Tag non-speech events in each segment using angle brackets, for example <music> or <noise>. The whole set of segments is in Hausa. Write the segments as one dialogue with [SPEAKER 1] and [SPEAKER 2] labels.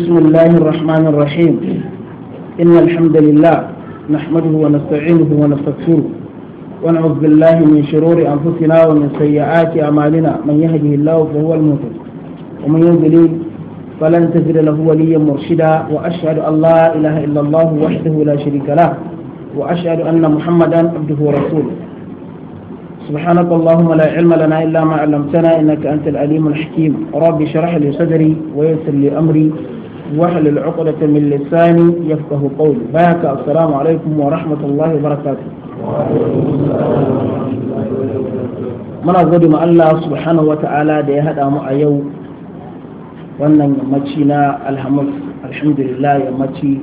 [SPEAKER 1] بسم الله الرحمن الرحيم إن الحمد لله نحمده ونستعينه ونستغفره ونعوذ بالله من شرور أنفسنا ومن سيئات أعمالنا من يهده الله فهو المهتد ومن يضلل فلن تجد له وليا مرشدا وأشهد أن لا إله إلا الله وحده لا شريك له وأشهد أن محمدا عبده ورسوله سبحانك اللهم لا علم لنا إلا ما علمتنا إنك أنت العليم الحكيم رب اشرح لي صدري ويسر لي أمري واحلل عقدة من لساني يفقه قولي بارك السلام عليكم ورحمة الله وبركاته muna gode ma Allah subhanahu wa ta'ala da ya haɗa mu a yau wannan yammaci na alhamis alhamdulillah yammaci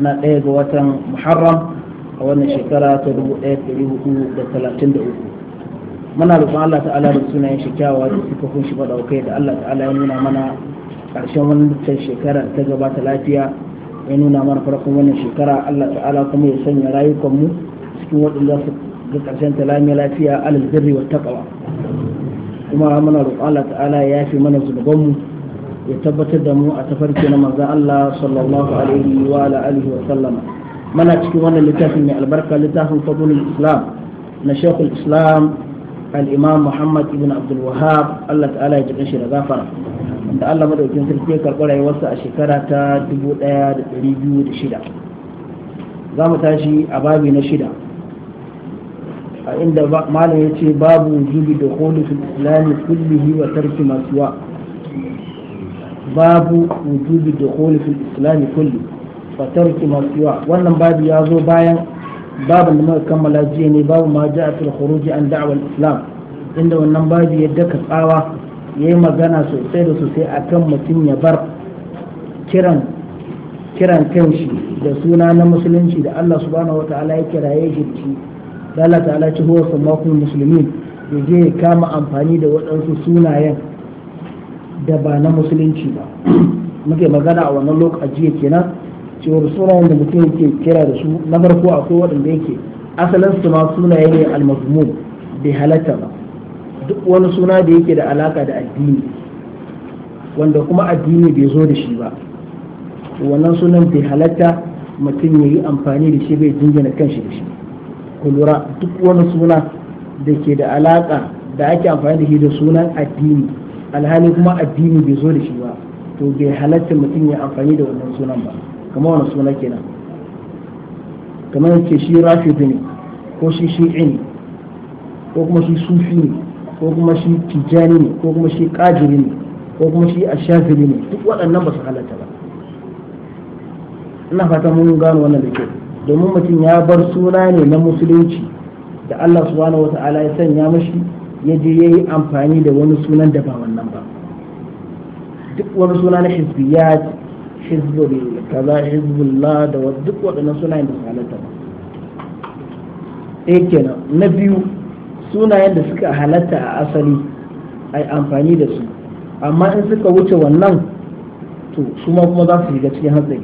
[SPEAKER 1] na ɗaya ga watan muharram a wannan shekara ta 1433 muna roƙon Allah ta'ala da sunayen shi kyawawa da suka kunshi ba da da Allah ta'ala ya nuna mana karshen wannan shekara ta gabata lafiya ya nuna mana farkon wannan shekara Allah ta'ala kuma ya sanya rayukanmu cikin waɗanda su ga ta lami lafiya alal birri wa taqwa kuma muna roƙon Allah ta'ala ya yafe mana zunubanmu ya tabbatar da mu a tafarki na manzon Allah sallallahu alaihi wa ala alihi wa sallama mana cikin wannan littafin mai albarka littafin fadlul islam na shekul islam al-imam Muhammad ibn Abdul wahab Allah ta'ala ya ji shi da gafara da Allah madaukin sarki ya karɓi rayuwarsa a shekara ta 1206 za mu tashi a babi na shida a inda malam ya ce babu wujubi da holi fil islami kullihi wa tarki masuwa babu wujubi da holi fil islami kulli wa tarki masuwa wannan babu ya zo bayan babu da muka kammala jiya ne babu ma a fil khuruji an da'wal islam inda wannan babu ya daka tsawa ya yi magana sosai da sosai akan mutum ya bar kiran kiran kanshi da suna na musulunci da Allah subhanahu wata'ala ya kiraye shi ci da Allah ta'ala ci huwa makon musulmin ya je kama amfani da waɗansu sunayen da ba na musulunci ba <clears throat> muke magana a wannan lokaci kenan cewar sunayen da mutum yake kira da su na farko akwai waɗanda yake asalin su ma sunaye ne al-mazmum bai halatta ba duk wani suna da yake da alaka da addini wanda kuma addini bai zo da shi ba wannan sunan bai halatta mutum ya yi amfani da shi bai jingina kanshi da shi ku duk wani suna da ke da alaka da ake amfani da shi da sunan addini alhali kuma addini bai zo da shi ba to bai halatta mutum ya amfani da wannan sunan ba kamar wani suna kenan kamar ce shi rafi ne ko shi shi'i ne ko kuma shi sufi ne ko kuma shi tijani ne ko kuma shi kajiri ne ko kuma shi ashafiri ne duk waɗannan ba su halatta ba ina fata mun gano wannan da kyau domin mutum ya bar suna ne na musulunci da Allah subhanahu ta'ala ya sanya mashi ya je ya yi amfani da wani sunan da ba wannan ba duk wani suna na hizbiyat hizbul kaza hizbullah da duk waɗannan suna da su halatta ba ɗaya kenan na biyu sunayen da suka halatta a asali a amfani da su amma in suka wuce wannan to su ma kuma za su shiga cikin hatsari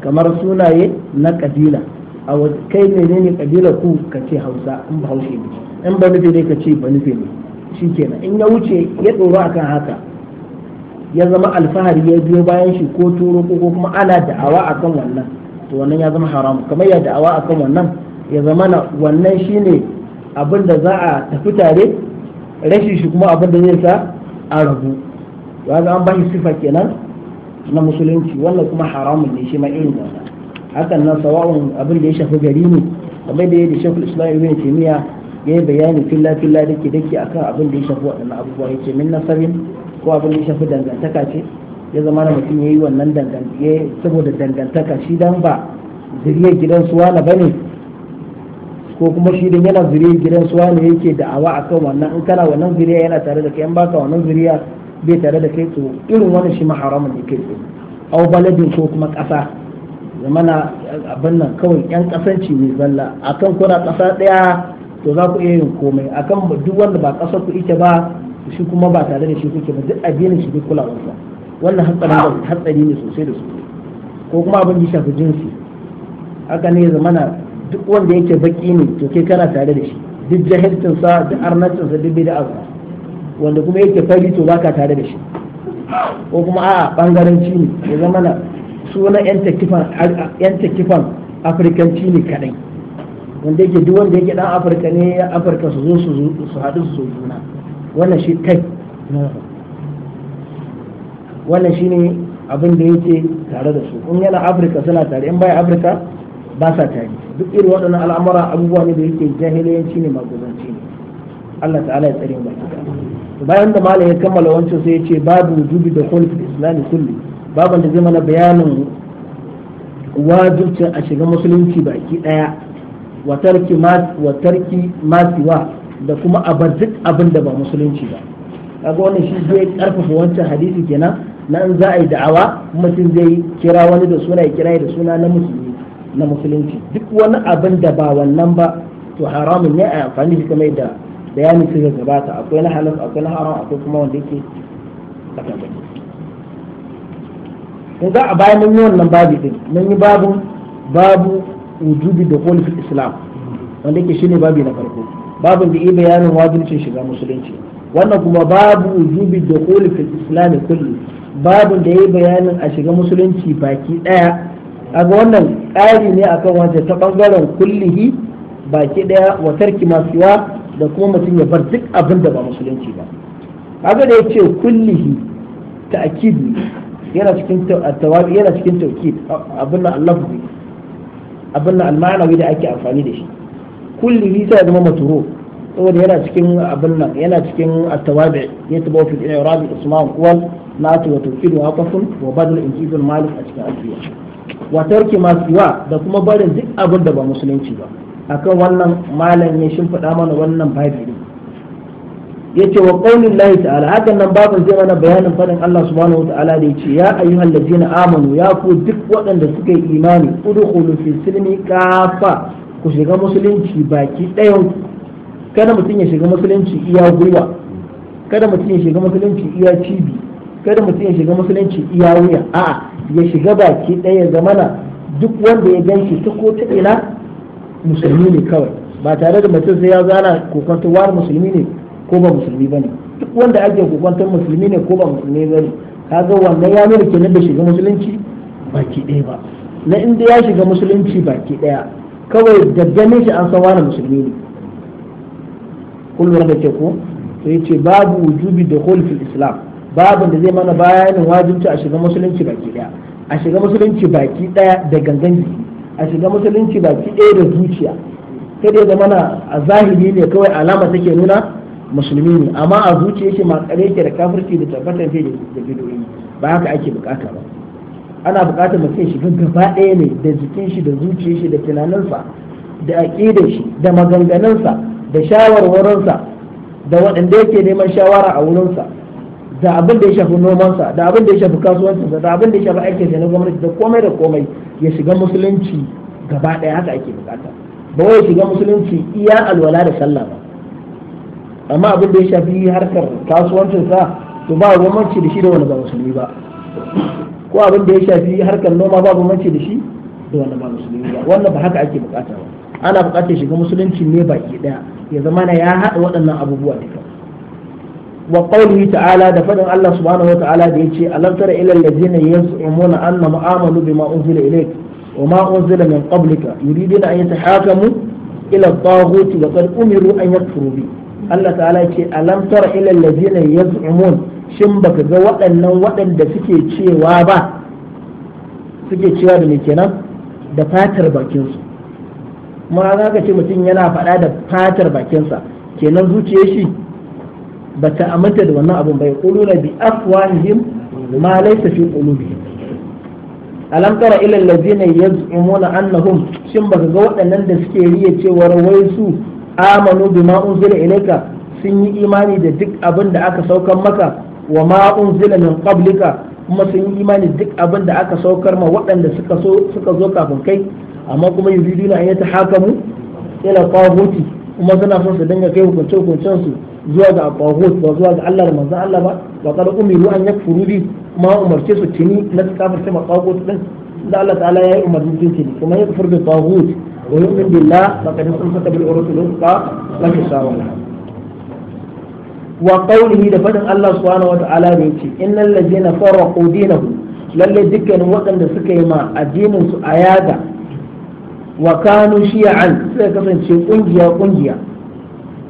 [SPEAKER 1] kamar sunaye na kabila a kai ne ne ƙabila ku ka ce hausa in ba haushe ne in ba nufi ne ka ce ba nufi ne shi kenan in ya wuce ya tsoro akan haka ya zama alfahari ya biyo bayan shi ko turo ko kuma ana da'awa a kan wannan to wannan ya zama haramu kamar ya da'awa a kan wannan ya zama na wannan shine abin da za a tafi tare rashin shi kuma abin da zai sa a rabu ya ga an shi sifa kenan na musulunci wannan kuma haramun ne shi ma irin wannan hakan nan sawa'un abin da ya shafi gari ne kamar da ya da shekul islam ibn taymiya ya yi bayani filla filla dake dake akan abin da ya shafi waɗannan abubuwa ya ce min nasabin ko abin da ya shafi dangantaka ce ya zama na mutum ya yi wannan dangantaka saboda dangantaka shi dan ba zuriyar gidan suwa na bane ko kuma shi dan yana zuriya gidan suwa ne yake da'awa kan wannan in kana wannan zuriya yana tare da kai in baka wannan zuriya bai tare da kai to irin wannan shi ma haramun ne kai au baladin ko kuma ƙasa zamana abin nan kawai yan kasanci ne zalla akan kuna ƙasa ɗaya to za ku iya yin komai akan duk wanda ba ƙasa ku ita ba shi kuma ba tare da shi kuke ba duk addinin shi duk kulawarsa wannan hatsari hatsari ne sosai da sosai ko kuma abin da shafi jinsi haka ne zamana duk wanda yake baki ne to ke kana tare da shi duk jahilcin sa da arnacin sa duk bid'a sa wanda kuma yake fari to baka tare da shi ko kuma a bangaranci ne ya zama na suna yan takifan yan takifan afrikanci ne kadai wanda yake duk wanda yake dan afirka ne afirka su zo su haɗu su zo juna wannan shi kai wannan shine abin da yake tare da su in yana afirka suna tare in baya afirka ba sa tari duk irin waɗannan al'amura abubuwa ne da yake jahiliyanci ne maguzanci ne Allah ta'ala ya tsare baki da bayan da malam ya kammala wancan sai ya ce babu wujubi da khulf islami kulli babu da zai mana bayanin wajibcin a shiga musulunci baki daya wa tarki ma wa tarki ma siwa da kuma abar duk abin da ba musulunci ba kaga wannan shi zai karfafa wancan hadisi kenan nan za a yi da'awa mutum zai kira wani da suna ya kira da suna na musulmi na musulunci duk wani abin da ba wannan ba to haramun ne a amfani shi kamar da bayanin su gabata akwai na halal akwai na haram akwai kuma wanda yake tsakanin kun ga a bayan mun yi wannan babu din mun yi babu babu wujubi da qawli fil islam wanda yake shine babu na farko babu da yi bayanin wajibcin shiga musulunci wannan kuma babu wujubi da qawli fil islam kulli babu da yi bayanin a shiga musulunci baki daya aga wannan ƙari ne akan wajen ta bangaren kullihi baki daya wa tarki masuwa da kuma mutum ya bar duk abin da ba musulunci ba aga da ce kullihi akidi yana cikin tawabi yana cikin tauki abin nan Allah abin nan al da ake amfani da shi kullihi sai zama maturu saboda yana cikin abin nan yana cikin at-tawabi ya tabo fi al-i'rab isma'u na natu wa tawkid wa aqfun wa badal injibul malik a cikin alfiya wa tarki ma siwa da kuma barin duk abin da ba musulunci ba akan wannan malam ya shimfiɗa mana wannan babi ne yace wa ƙaunin lahi ta'ala hakan nan babin zai mana bayanin fadin Allah subhanahu wa ta'ala da yace ya ayyuhal ladina amanu ya ku duk waɗanda suka yi imani udkhulu fi silmi kafa ku shiga musulunci baki ɗayan kada mutum ya shiga musulunci iya gwiwa kada mutum ya shiga musulunci iya cibi kada mutum ya shiga musulunci iya wuya a'a ya shiga baki ɗaya zamana duk wanda ya gan shi ta ko ta ina musulmi ne kawai ba tare da mutum sai ya zana kokonta war musulmi ne ko ba musulmi bane duk wanda ake kokonta musulmi ne ko ba musulmi bane kaga wannan ya nuna kenan da shiga musulunci baki ɗaya ba na inda ya shiga musulunci baki ɗaya kawai da ganin shi an san wani musulmi ne kullum da ke ko sai ce babu wujubi da fil islam babin da zai mana bayanin wajibci a shiga musulunci baki daya a shiga musulunci baki daya da gangan jiki a shiga musulunci baki daya da zuciya kada ya zamana a zahiri ne kawai alama take nuna musulmi ne amma a zuciya yake makare yake da kafirci da tabbatar ke da bidoyi ba haka ake bukata ba ana bukatar mutum shiga gaba daya ne da jikin shi da zuciya shi da tunaninsa da aƙidar shi da maganganunsa da shawarwarinsa da waɗanda yake neman shawara a wurinsa da abin da ya shafi nomansa da abin da ya shafi kasuwancinsa da abin da ya shafi aikin sa na gwamnati da komai da komai ya shiga musulunci gaba ɗaya haka ake bukata ba wai shiga musulunci iya alwala da sallah ba amma abin da ya shafi harkar kasuwancinsa to ba gwamnati da shi da wani ba musulmi ba ko abin da ya shafi harkar noma ba gwamnati da shi da wani ba musulmi ba wannan ba haka ake bukata ba ana bukatar shiga musulunci ne baki ɗaya ya zama na ya haɗa waɗannan abubuwa duka wa qawlihi ta'ala da fadin Allah subhanahu wa ta'ala da yace alam tara ila allazina yas'umuna annahum amanu bima unzila ilayk wa ma unzila min qablika yuriduna an yatahakamu ila at-taghut wa qad umiru an yakfuru bi Allah ta'ala yace alam tara ila allazina yas'umun shin baka ga waɗannan waɗanda suke cewa ba suke cewa da me kenan da fatar su ma za ka ce mutum yana faɗa da fatar bakinsa kenan zuciyar shi ba ta aminta da wannan abun bai na bi afwahihim ma laysa fi qulubihim alam tara ila allazina yaz'umuna annahum shin baka ga waɗannan da suke riya cewa wai su amanu bima unzila ilayka sun yi imani da duk abin da aka saukar maka wa ma unzila min qablika kuma sun yi imani duk abin da aka saukar ma waɗanda suka zo kafin kai amma kuma yuriduna an hakamu ila qawuti kuma suna son su dinga kai hukunce hukuncen su zuwa ga abahut ba zuwa ga Allah da manzon Allah ba ba kada umiru an yakfuru bi kuma umarce su tini na kafirce maqabut din da Allah ta'ala ya yi umarni din tuni kuma ya kafir da tagut wa yu'min billah faqad istamsaka bil urusul ka la tasawala wa qawlihi da fadin Allah subhanahu wa ta'ala da ce innal ladina farraqu dinahum lalle dukkanin waɗanda suka yi ma addinin su a yaga wa kanu shi'an sai kasance kungiya kungiya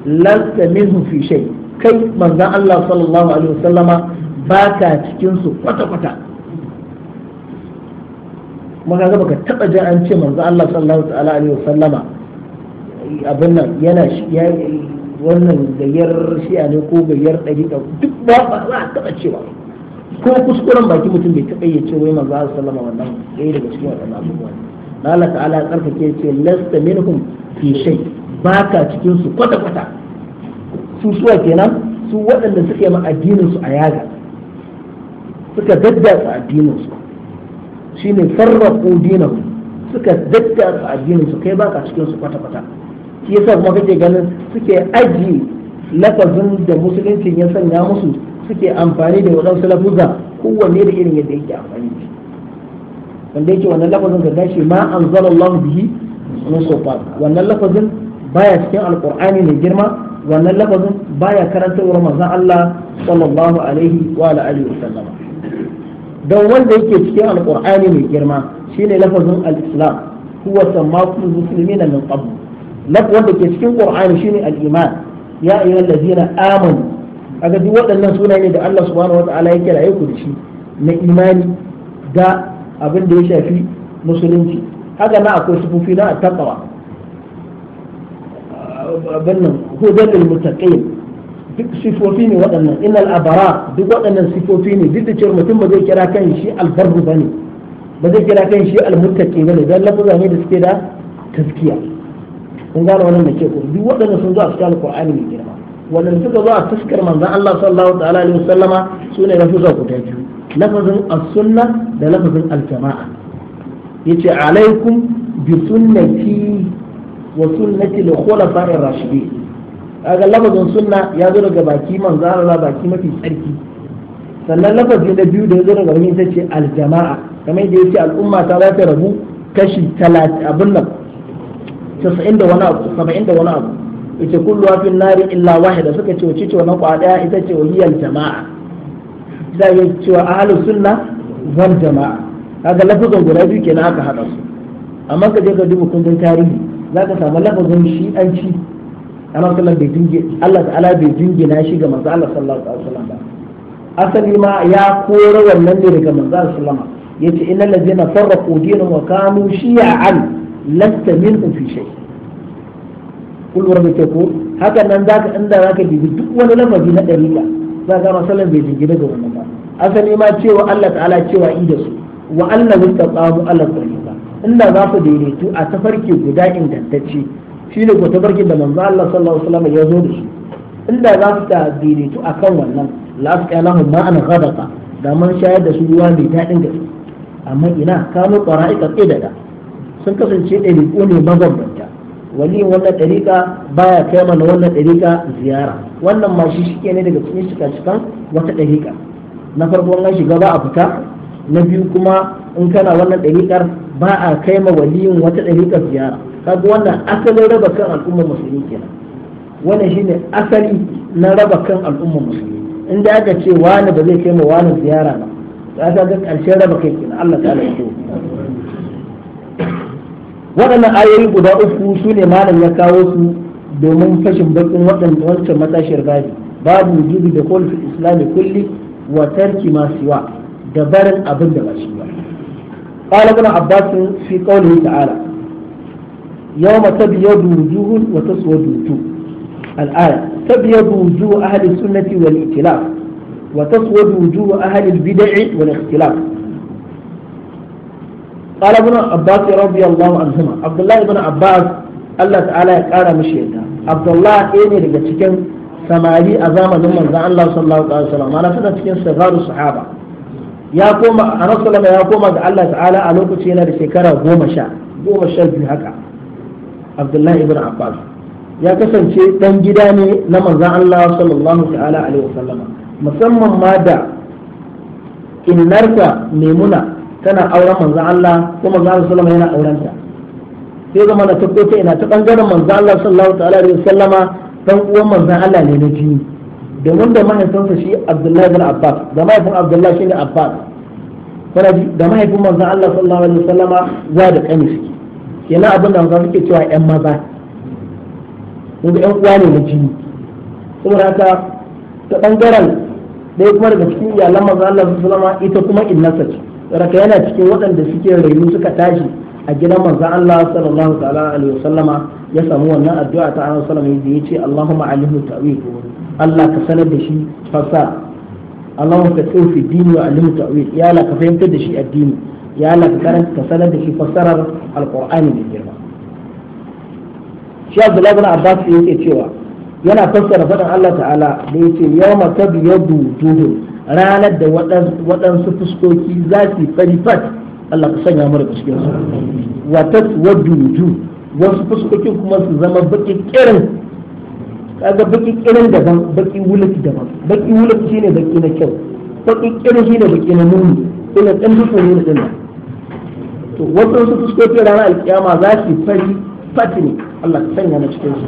[SPEAKER 1] lasta minhu fi shay kai manzon Allah sallallahu alaihi wasallama baka cikin su kwata kwata maka ga baka taba jin an ce manzon Allah sallallahu alaihi wasallama abin nan yana wannan gayyar shi'a ne ko gayyar ɗariƙa duk ba ba za a taba cewa ko kuskuren baki mutum bai taɓa ya ce wai manzo Allah sallama wannan ɗaya daga cikin waɗannan abubuwan Allah ta'ala ya tsarkake ce lasta minhum fi shay baka cikin su kwata kwata su suwa kenan su waɗanda suke ma addinin su a yaga suka su addinin su shine farraqu dinahum suka su addinin su kai baka cikin su kwata kwata shi yasa kuma kake ganin suke aji lafazin da musulunci ya sanya musu suke amfani da waɗansu lafuza kowanne da irin yadda yake amfani da shi wanda yake wannan lafazin da gashi ma an anzalallahu bihi min sultan wannan lafazin baya cikin alqur'ani mai girma wannan lafazin baya karantarwar manzon Allah sallallahu alaihi wa alihi wa sallama don wanda yake cikin alqur'ani mai girma shine lafazin al-islam huwa sammakum muslimina min qabl laf wanda ke cikin qur'ani shine al-iman ya ayyuhallazina amanu kaga duk waɗannan sunaye ne da Allah subhanahu wa ta'ala yake rayu ku da shi na imani da abin da ya shafi musulunci haka na akwai sufufi na taqwa abin nan hudan lil muttaqin duk sifofi ne waɗannan innal abara duk waɗannan sifofi ne duk da cewa mutum ba zai kira kan shi albarru bane ba zai kira kan shi almuttaqi bane dan lafuza ne da suke da tazkiya kun gane wannan da ke ko duk waɗannan sun zo a cikin alqur'ani mai girma wannan suka zo a fuskar manzon Allah sallallahu ta'ala alaihi wasallama sune lafuzan guda biyu lafazin as-sunna da lafazin al-jama'a yace alaikum bi sunnati wa sunnati al-khulafa'ir rashidin kaga lafazin sunna ya zo daga baki manzon Allah baki mafi tsarki sannan lafazi na biyu da ya zo daga wani ita ce al-jama'a kamar da yace al'umma ta za ta rabu kashi 30 abin nan 90 da wani abu 70 da wani abu yace kullu fi nari illa wahida suka ce wace wannan kwa daya ita ce wahiyal jama'a da ya cewa ahlus sunna wal jama'a kaga lafazin guda biyu kenan aka haɗa su amma ka je ka duba kundin tarihi zaka samu lafazin shi'anci amma sallan bai dinge Allah ta'ala bai dingina shi ga manzo Allah sallallahu alaihi wasallam ba asali ma ya kora wannan ne daga manzo Allah sallallahu alaihi wasallam yace innal ladzina farraqu dinahum wa kanu shi'an lasta minhum fi shay' kulwar lura da ko hakan nan zaka inda zaka bibi duk wani lafazi na dariƙa za ka ga sallan bai jingina da wannan ba asali ma cewa Allah ta'ala cewa i da su wa Allah mustaqamu Allah ba. inda za su daidaitu a tafarki guda ingantacce shine ko tafarkin da manzo Allah sallallahu alaihi wasallam ya zo da shi inda za su daidaitu kan wannan la asqalahum ma'an ghadaqa da man shayar da su ruwa mai daɗin gaske amma ina kano da da? sun kasance ɗaiɗaiƙo ne mabambanta waliyin wannan ɗarika baya kai mana wannan ɗarika ziyara wannan ma shi shike ne daga cikin shika-shikan wata dariƙa na farko an shiga ba a fita na biyu kuma in kana wannan dariƙar ba a kai ma waliyin wata dariƙa ziyara kaga wannan asalin raba kan al'ummar musulmi kenan wannan shine asali na raba kan al'ummar musulmi in da aka ce wani ba zai kai ma wani ziyara ba ta ga ƙarshen raba kai kenan Allah
[SPEAKER 2] ta ya
[SPEAKER 1] waɗannan ayoyi guda uku sune malam ya kawo su domin fashin bakin waɗanda wancan matashiyar gadi babu wujubi da kowane fi islami kulli wa tarki ma da barin abin da ba shi ba ƙwale abbasin fi ƙaunin yi ta'ala yau ma ta biya wujuhu wa suwa dutu al'ada ta biya wujuhu ahalin sunnati wal ikilaf wa ta suwa wujuhu ahalin bida'i wal ikilaf قال ابن عباس رضي الله عنهما عبد الله بن عباس الله تعالى قال مشي عبد الله ايه daga cikin samari a zamanin manzon Allah sallallahu alaihi wasallam Mana suna cikin sigaru sahaba ya koma annabi ya koma ga Allah ta'ala a lokaci yana da shekara goma sha goma sha biyu haka Abdullahi ibn Abbas ya kasance dan gida ne na manzon Allah sallallahu alaihi wasallam musamman ma da innarka maimuna tana auren manzan Allah ko manzon Allah sallama yana auren ta sai zama da tabbo ta ina ta bangaren manzan Allah sallallahu ta'ala alaihi sallama dan uwan manzan Allah ne na jini domin da mahaifinsa shi Abdullahi bin Abbas da mahaifin Abdullahi shine Abbas kana ji da mahaifin manzan Allah sallallahu alaihi sallama za da kani suke kenan abin da manzon suke cewa yan maza ko ƴan uwa ne na jini saboda haka ta bangaren dai kuma daga cikin iyalan manzan Allah sallallahu alaihi sallama ita kuma innasa ce raka yana cikin waɗanda suke rayu suka tashi a gidan manzon Allah sallallahu ta'ala alaihi wasallama ya samu wannan addu'a ta Annabi sallallahu alaihi wasallam da yace Allahumma alimhu ta'wil Allah ka sanar da shi fasa Allahumma ka tsofi dini wa alimhu ta'wil ya Allah ka fahimtar da shi addini ya Allah ka karanta ka sanar da shi fassarar alqur'ani da girma shi Abdullahi bin Abbas yake cewa yana fassara faɗin Allah ta'ala da yace yawma tabyadu wujuhun ranar da waɗansu fuskoki za su fari fat Allah ka sanya mara daga cikin su wa taswaddu wasu fuskokin kuma su zama baki kirin kaga baki kirin daban baki wulaki daban baki wulaki shine baki na kyau baki kirin shine baki na nuni ina dan duka ne din nan to wasu fuskokin ranar alkiyama za su fari fat ne Allah ka sanya mara cikin su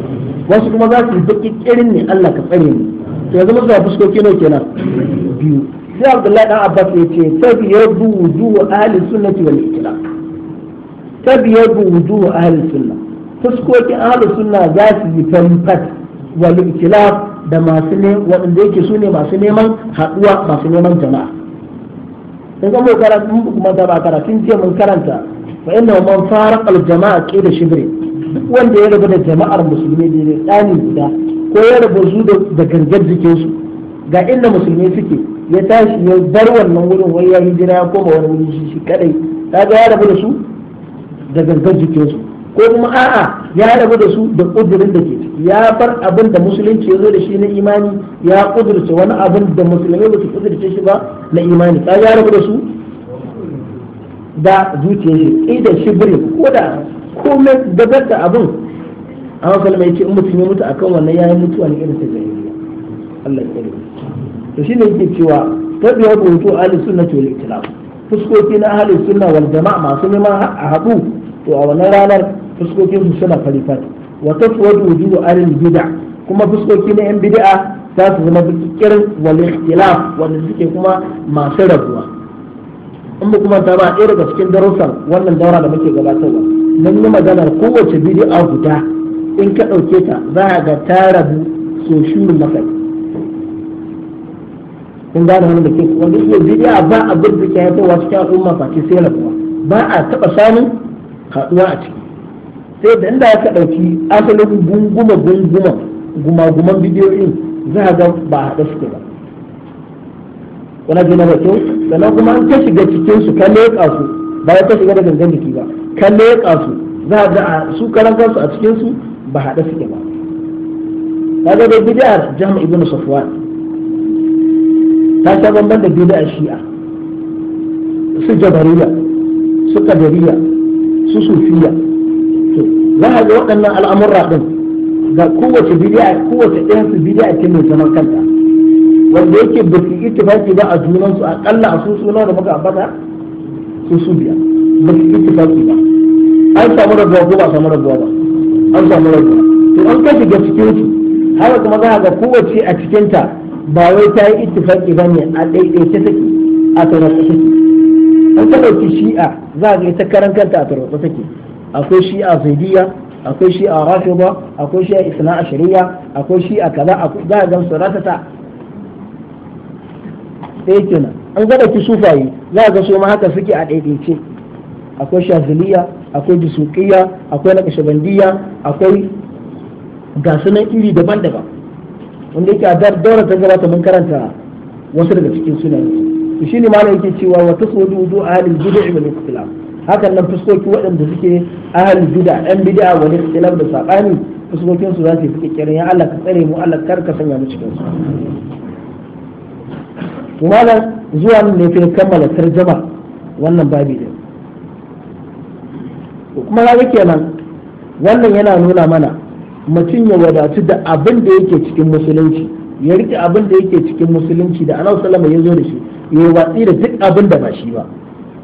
[SPEAKER 1] wasu kuma za su yi baki kirin ne Allah ka tsare mu to yanzu a fuskoki nawa kenan biyu sai abdullahi dan abbas ya ce tabiyadu wudu ahli sunnati wal ya tabiyadu wudu ahli sunna fuskokin ahli sunna za su yi fanfat wal ikhtilaf da masu ne waɗanda yake su ne masu neman haɗuwa masu neman jama'a in ga mun karanta mun ba karatun ce mun karanta fa inna man fara al jama'a qila shibri wanda ya rabu da jama'ar musulmi ne ɗani guda ko ya rabu su da gangar jikinsu ga inda musulmi suke ya tashi ya bar wannan wurin wai ya hijira ya koma wani wuri shi kadai ga ya rabu da su da gangar jikinsu ko kuma a'a ya rabu da su da kudurin da ke ciki ya bar abin da musulunci ya zo da shi na imani ya kudurce wani abin da musulmi ba su kudurce shi ba na imani ka ya rabu da su da zuciyar shi da ko da komai gabar da abin amma mai ce in mutum ya mutu akan wannan yayin mutuwa ne irin ta yayi Allah ya to shine yake cewa tabiya rubutu ahli sunnati wal ikhtilaf fuskoki na ahli sunna wal jama'a masu neman a haɗu to a wannan ranar fuskokin su suna farifat wa taswadu wujudu ahli bid'ah kuma fuskoki na yan bid'a za su zama bikirin wal ikhtilaf wanda suke kuma masu rabuwa in ba kuma ta ba ɗaya daga cikin darussan wannan daura da muke gabatarwa nan yi maganar kowace bid'a guda in ka ɗauke ta za a ga ta rabu so shurin In kun gane wani da ke wanda iya bidiya ba abin da ke kyan umma ba ke sai rabuwa ba a taɓa samun haɗuwa a ciki sai da inda aka ɗauki asalin gunguma gunguma gumaguman bidiyoyin za a ga ba a haɗa suke ba wani gina da kyau sannan kuma an ta shiga cikin su ka leƙa su ba ya ta shiga da gangan jiki ba ka leƙa su za a ga su karan kansu a cikin su ba haɗe suke ba kaga dai bid'ar jam ibn safwan ta ta bambam da bid'ar shi'a su jabariya su qadariya su sufiya to za a ga waɗannan al'amurra din ga kowace bid'a kowace ɗayan su bid'a ke mai zaman kanta wanda yake ba su ittifaki ba a junan su aƙalla a su suna da muka ambata su su biya ba su ittifaki ba an samu rabuwa ko ba samu rabuwa ba an samu rai to an ka shiga cikin su haka kuma za ga kowace a cikin ta ba wai ta yi ittifaqi bane a daidaice take a tarwatsa take an ka dauki shi'a za ga ita karan kanta a tarwatsa take akwai shi'a zaidiya akwai shi'a rafida akwai shi'a isna'a shari'a akwai shi'a kaza za ga gamsu ratata ɗaya kenan an ga dauki sufaye za ga su ma haka suke a daidaice akwai shaziliya akwai jisuƙiya akwai kashabandiya akwai gasunan iri daban-daban wanda yake a daura ta gabata mun karanta wasu daga cikin sunan to ne ma yake cewa wa tasawudu wudu bida a wani ikhtilaf hakan nan fuskoki waɗanda suke ahlil bid'a ɗan bid'a wani ikhtilaf da sabani fuskokin su za su fi kiran ya Allah ka tsare mu Allah kar ka sanya mu cikin su to zuwa ne fa kammala tarjama wannan babi din to kuma kaga kenan wannan yana nuna mana mutum ya wadatu da abin da yake cikin musulunci ya rike abin da yake cikin musulunci da annabi sallama ya zo da shi ya watsi da duk abin da ba shi ba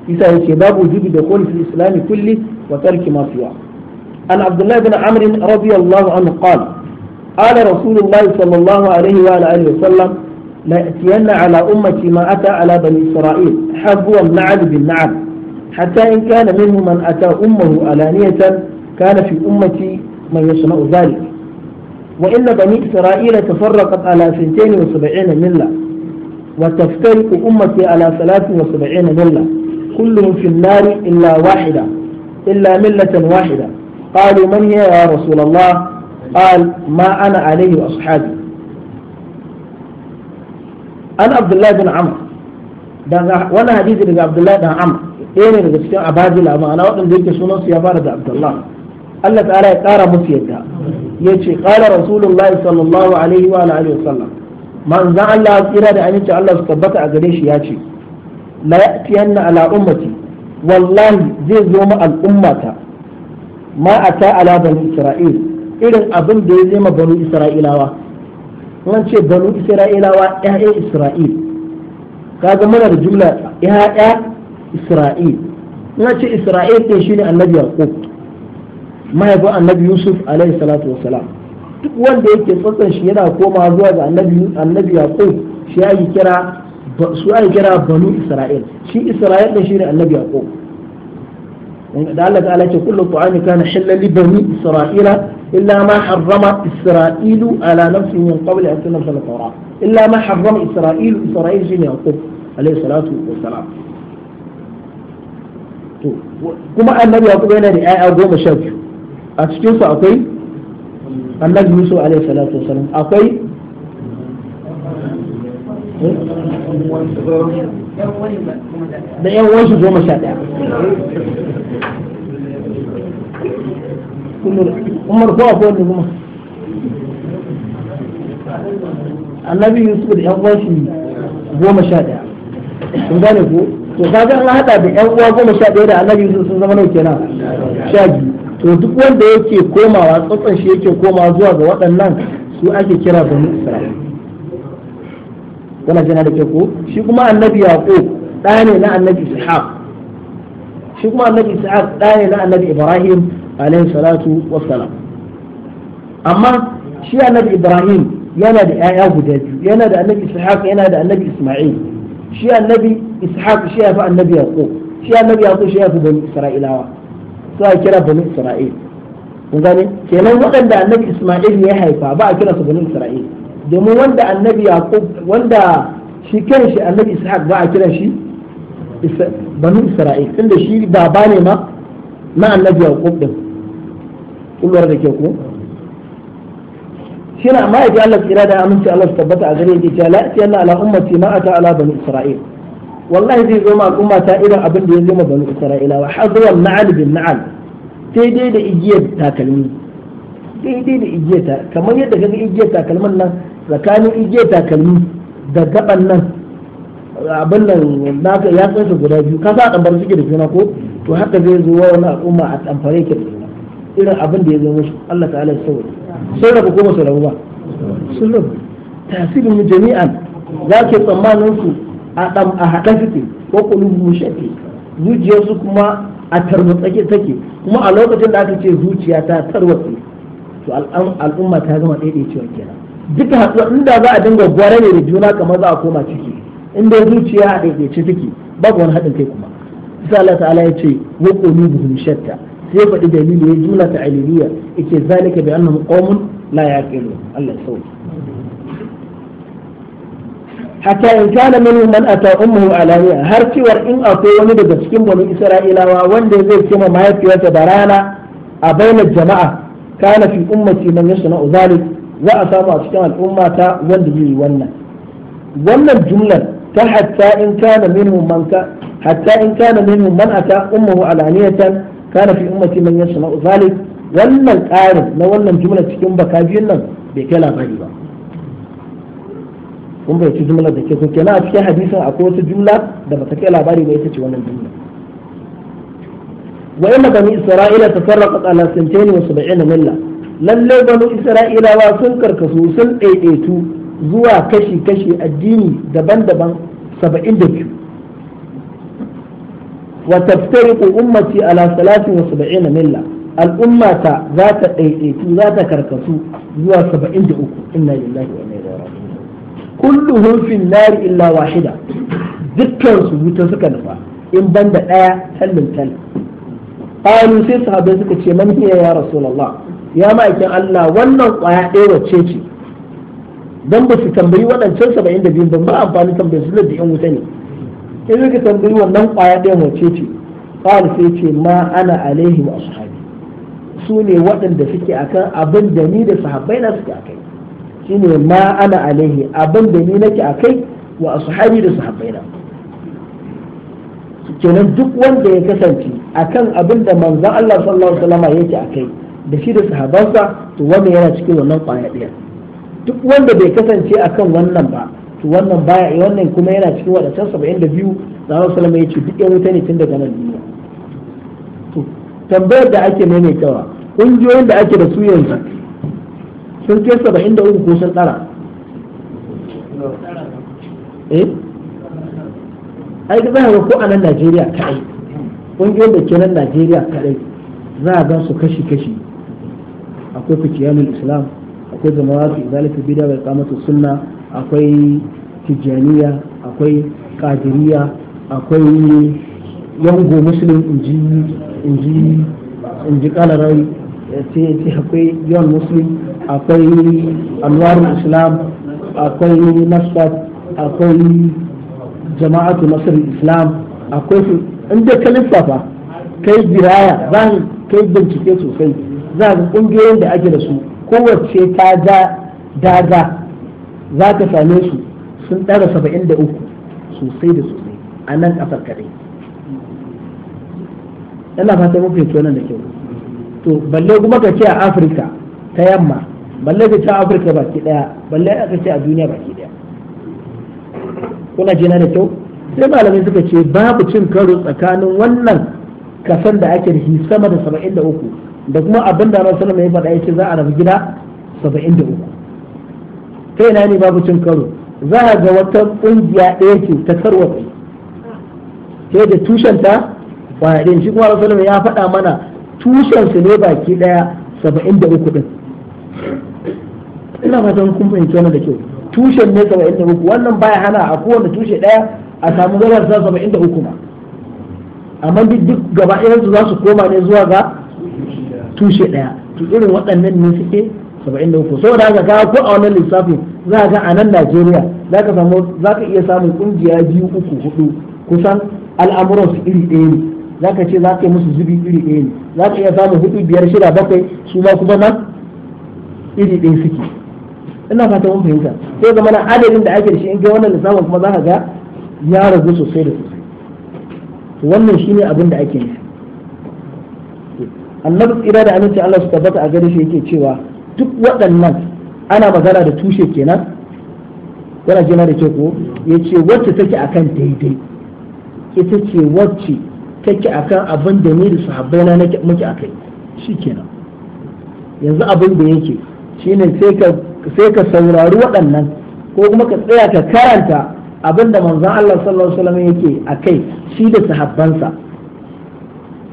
[SPEAKER 1] isa yace babu jibi da kulli fil islam kulli wa tarki ma fiwa an abdullahi bin amr radiyallahu anhu qala qala rasulullahi sallallahu alaihi wa alihi wa sallam la ala ummati ma ata ala bani isra'il habu wa na'ad bin na'ad حتى إن كان منهم من أتى أمه ألانية كان في أمتي من يصنع ذلك وإن بني إسرائيل تفرقت على سنتين وسبعين ملة وتفترق أمتي على ثلاث وسبعين ملة كلهم في النار إلا واحدة إلا ملة واحدة قالوا من هي يا رسول الله قال ما أنا عليه وأصحابي أنا عبد الله بن عمرو وانا حديث عبد الله بن عمرو ɗaya ne daga cikin abajila ma'ana waɗanda yake sunan su ya fara da abdullah Allah ta'ala ya ƙara musu yadda ya ce ƙara rasulullahi sallallahu alaihi wa alihi wasallam manzan Allah tsira da aminci Allah su tabbata a gare shi ya ce la ya'tiyanna ala ummati wallahi zai zo ma al'ummata ma ata ala bani isra'il irin abin da ya zama banu isra'ilawa wannan ce banu isra'ilawa ya'ya isra'il kaga muna da jumla ya'ya isra'il ina ce isra'il ɗin ne annabi yaqub mahaifin annabi yusuf alaihi salatu wa salam duk wanda yake tsatsan shi yana komawa zuwa ga annabi annabi yaqub shi ake kira su ake kira banu isra'il shi isra'il ɗin shine annabi yaqub da Allah ta'ala ce kullu ta'ami kana halal li bani isra'ila illa ma harrama isra'ilu ala nafsi min qabli an tunzila al-tawrat illa ma harrama isra'ilu isra'il shine yaqub alaihi salatu wa salam. kuma annabi kuma yana da ƴaƴa goma sha biyu a cikin su akwai annabi yusuf alaihi salatu wasallam akwai
[SPEAKER 2] da yan wasu goma sha ɗaya
[SPEAKER 1] umar ko akwai wani kuma annabi yusuf da yan wasu goma sha ɗaya sun gane ko to ga an hada da yan uwa goma sha ɗaya da annabi Yusuf sun zama nau kenan sha biyu to duk wanda yake komawa tsotsan shi yake komawa zuwa ga waɗannan su ake kira bani Isra'il wannan jana da ke ko shi kuma annabi yaqo ɗaya ne na annabi Ishaq shi kuma annabi Ishaq ɗaya ne na annabi Ibrahim alayhi salatu wassalam amma shi annabi Ibrahim yana da 'ya'ya guda biyu yana da annabi Ishaq yana da annabi Isma'il shi annabi ishaq shi ya fi annabi yaqub shi annabi yaqub shi ya fi bani isra'ilawa su a kira bani isra'il kun gane kenan waɗanda annabi isma'il ya haifa ba a kira su bani isra'il domin wanda annabi yaqub wanda shi kan shi annabi ishaq ba a kira shi bani isra'il tunda shi baba ne ma na annabi yaqub din kun da ke ko shine amma yaji Allah tsira aminci Allah tabbata a gare yake cewa la ta'ala ala ummati ma ata ala bani isra'il zai zo ma al'umma ta irin da ya zo ma bani isra'ila wa hadwan na'al bin na'al daidai da igiyar takalmi daidai da igiyar ta kamar yadda kaga igiyar takalman nan tsakanin igiyar takalmi da gaban nan abin nan ya tsansa guda biyu ka sa ɗanbar suke da ko to haka zai zo wa wani al'umma ke da irin da ya Allah ya sun rabu kuma su rabu ba sun rabu tasirin jami'an za ke tsammanin su a dam a haɗa suke ko kulubu shafi zuciyarsu kuma a tarwatsake take kuma a lokacin da aka ce zuciya ta tarwatse to al'umma ta gama ɗaiɗaicewa kenan duka haɗuwa inda za a dinga gwara ne da juna kamar za a koma ciki inda zuciya a daidaice take babu wani haɗin kai kuma sai Allah ta'ala ya ce wa qulubuhum shatta sai faɗi dalili ya jumla ta aliliya yake zalika bi annahum qaumun la yaqilu Allah ya sauke hatta in kana minhum man ata ummuhu alaniya har cewar in akwai wani daga cikin bani isra'ilawa wanda zai kima mahaifiyarsa da rana a bainar jama'a kana fi ummati man yasna'u zalik za a samu a cikin al'umma ta wanda yi wannan wannan jumlar ta hatta in kana minhum man ka hatta in kana minhum man ata ummuhu alaniyatan kana fi ummati man yasma'u zalik wannan ƙarin na wannan jumla cikin baka biyun nan bai kai labari ba kun bai ci jumlar da ke so kenan a cikin hadisin akwai wata jumla da ba ta kai labari ba ita ce wannan jumla wa inna bani isra'ila tafarraqat ala 72 milla lalle bani isra'ilawa sun karkasu sun daidaitu zuwa kashi kashi addini daban-daban 72 wa taftariqu ummati ala salatin wa sab'ina milla al'ummata za ta ɗaiɗaitu za ta karkasu zuwa saba'in da uku inna lillahi wa inna ilaihi raji'un kulluhum fil nari illa wahida dukkan su wuta suka nufa in banda ɗaya tallin tal qalu sai sahabbai suka ce man hiya ya rasulullah ya ma'aikin Allah wannan ƙwaya ɗaya wacce ce dan ba su tambayi waɗancan saba'in da biyu ba ba amfani tambayi su da yan wuta ne yanzu ka tambayi wannan kwaya ɗaya mace ce qala sai ce ma ana alaihi wa ashabi su ne waɗanda suke akan abin da ni da sahabbai na suke akai shine ma ana alaihi abin da ni nake akai wa ashabi da sahabbai na kenan duk wanda ya kasance akan abin da manzon Allah sallallahu alaihi wasallam yake akai da shi da sahabbansa to wanda yana cikin wannan kwaya ɗaya duk wanda bai kasance akan wannan ba to wannan baya wannan kuma yana cikin wadatar saba'in da biyu da Allah salama ya ce duk yan wuta ne tun daga nan duniya to tambayar da ake kawa ƙungiyoyin da ake da su yanzu sun kai saba'in da uku ko sun tsara eh ai da za ko a nan Najeriya kai ƙungiyoyin da ke nan Najeriya kai za a gan su kashi-kashi akwai fikiyanin islam akwai jama'atu izalatu bid'a wa kamata suna. akwai tijjaniya akwai kadiriya akwai yango muslim in ji kalarai sai akwai yawan muslim akwai anwarul islam akwai nasfat akwai jama'atu masar islam akwai su inda ka lissafa
[SPEAKER 2] kai biraya za
[SPEAKER 1] kai bincike sosai za ga kungiyoyin da ake da su kowace ta daga za ka same su sun ɗara saba'in da uku sosai da sosai a nan ƙasar kaɗai yana fata mun fahimci wannan da kyau to balle kuma ka ce a afirka ta yamma balle ka ce a afirka baki ɗaya balle ka ce a duniya baki ɗaya kuna jina da kyau sai malamai suka ce babu cin karo tsakanin wannan kasan da ake da sama da saba'in da uku da kuma abin da Rasulullah mai faɗa ya ce za a rabu gida saba'in da uku ta ina ne babu cin karo za a ga wata kungiya ɗaya ce ta tarwatsa sai da tushenta ba ɗin shi kuma rasulun ya faɗa mana tushensu ne baki ɗaya saba'in da uku ɗin ina fatan kun fahimci wannan da kyau tushen ne saba'in da uku wannan baya hana a kowane tushe ɗaya a samu zarar sa saba'in da uku ma amma duk gaba su za su koma ne zuwa ga tushe ɗaya to irin waɗannan ne suke saba'in da uku saboda haka ka ko a wannan lissafin za ga a nan Najeriya za ka iya samun kungiya biyu uku hudu kusan al'amuran su iri ɗaya ne za ka ce za ka yi musu zubi iri ɗaya ne za ka iya samun hudu biyar shida bakwai su ma kuma nan iri ɗaya suke ina fata mun fahimta sai ga mana adadin da ake da shi in ga wannan lissafin kuma za ka ga ya ragu sosai da sosai wannan shine abin da ake
[SPEAKER 2] nufi
[SPEAKER 1] annabi tsira da aminci Allah su tabbata a gare shi yake cewa duk waɗannan ana magana da tushe kenan yana jina da ke ko ya ce wacce take a kan daidai ita ce wacce take a kan abin da ni da sahabbai na muke a kai shi kenan yanzu abin da yake shine sai ka saurari waɗannan ko kuma ka tsaya ka karanta abin da manzan Allah sallallahu alaihi wasallam yake kai shi da sahabbansa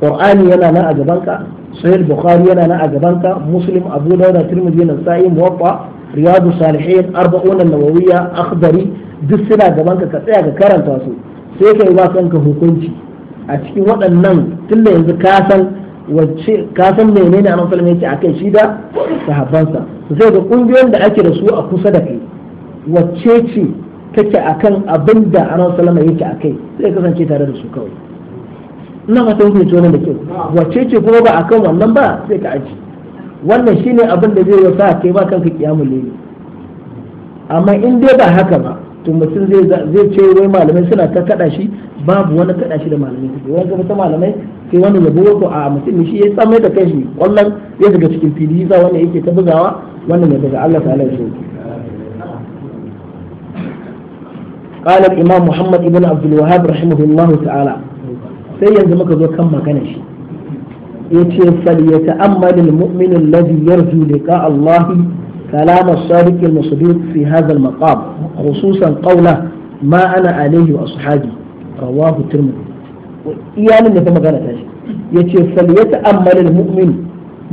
[SPEAKER 1] ƙor'ani yana nan a gabanka sayyid bukhari yana nan a ka muslim abu dauda tirmidhi na sa'i muwatta riyadu salihin arba'un nawawiya akhdari duk suna gaban ka tsaya ka karanta su sai kai ba kanka hukunci a cikin waɗannan tun yanzu ka san wacce ka san menene annabi sallallahu alaihi akai shi da sa sai ga kungiyoyin da ake da su a kusa da kai wacce ce take akan abinda da annabi sallallahu alaihi akai sai kasance tare da su kawai ina ma tun fahimci wannan da kyau wacce ce kuma ba akan wannan ba sai ka aji wannan shine abin da zai sa kai ba kanka kiyamul layli amma in dai ba haka ba to mutum zai ce wai malamai suna ta kada shi babu wani kada shi da malamai suke wani kuma malamai sai wani yabo ko a mutum shi ya tsamai da kai shi ya daga cikin fili za wani yake ta bugawa wannan ne daga Allah ta'ala shi قال الإمام محمد بن عبد الوهاب رحمه الله تعالى sai yanzu muka zo kan magana shi yace fal yata'ammal al-mu'min alladhi yarju liqa Allah kalam as-sadiq al-masduq fi hadha al-maqam khususan qawla ma ana alayhi wa ashabi rawahu tirmidhi iyalin da ta magana ta shi yace fal yata'ammal al-mu'min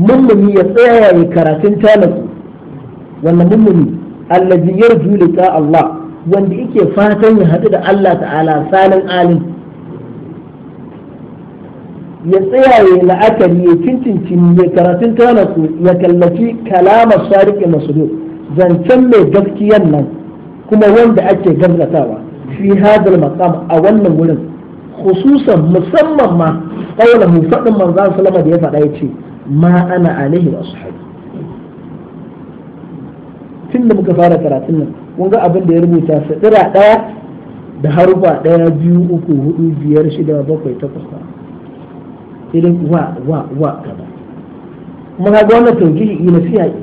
[SPEAKER 1] mummuni ya tsaya ya karatun talaku wannan mummuni alladhi yarju liqa Allah wanda yake fatan ya hadu da Allah ta'ala salin alim ya tsaya ya la'akari ya cincincin ya karatun tanaku ya kallaci kalamar sadiq masudud zancen mai gaskiyan nan kuma wanda ake gaskatawa fi hadal maqam a wannan wurin khususan musamman ma qaulahu fadin manzon sallama da ya faɗa yace ma ana alaihi wa ashabi tun da muka fara karatun nan kun ga abin da ya rubuta sadira ɗaya da harufa ɗaya biyu uku hudu biyar shida bakwai takwas sai dai wa wa wa kaza kuma ga wannan taujihi ila siyaki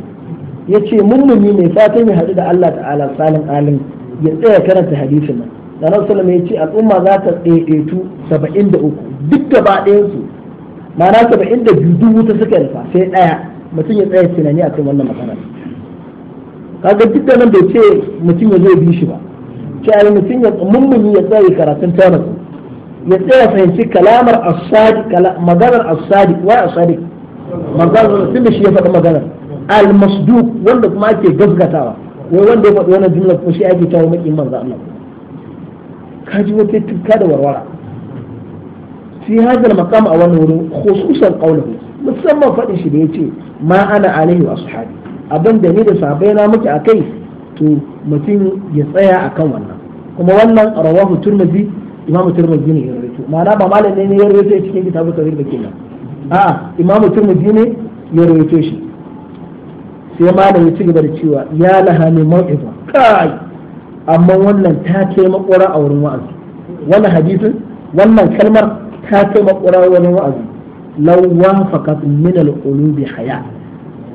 [SPEAKER 1] yace mummuni mai fatan ya hadu da Allah ta'ala salin alim ya tsaya karanta hadisin nan da rasulullah mai ce al'umma za ta daidaitu saba'in da uku duk gaba ɗayansu ma'ana saba'in da biyu duk wuta suka rufa sai daya mutum ya tsaya tunani akan wannan magana kaga duk da nan bai ce mutum ya zo bi shi ba ce mutum ya mummuni ya tsaya karatun tarasu ya tsaya fahimci kalamar asadi maganar asadi wai asadi maganar tun da shi ya faɗi maganar al-masduq wanda kuma ake gaskatawa wai wanda ya faɗi wannan jumla kuma shi ake tawo maki manzo Allah ka ji wata tukka da warwara fi hadal maqam a wannan wurin khususan qawluhu musamman faɗin shi da yace ma ana alaihi wa ashabi abin da ni da sahabbai na muke akai to mutum ya tsaya akan wannan kuma wannan rawahu turmizi imam tirmidhi ne ya rawaito ma'ana ba malamin ne ya rawaito cikin kitabu sahih ba kenan a imam tirmidhi ne ya rawaito shi sai malam ya ci gaba da cewa ya laha ne mau'iza kai amma wannan ta kai makwara a wurin wa'azi wannan hadisin wannan kalmar ta kai a wurin wa'azi law wafaqat min al-qulubi haya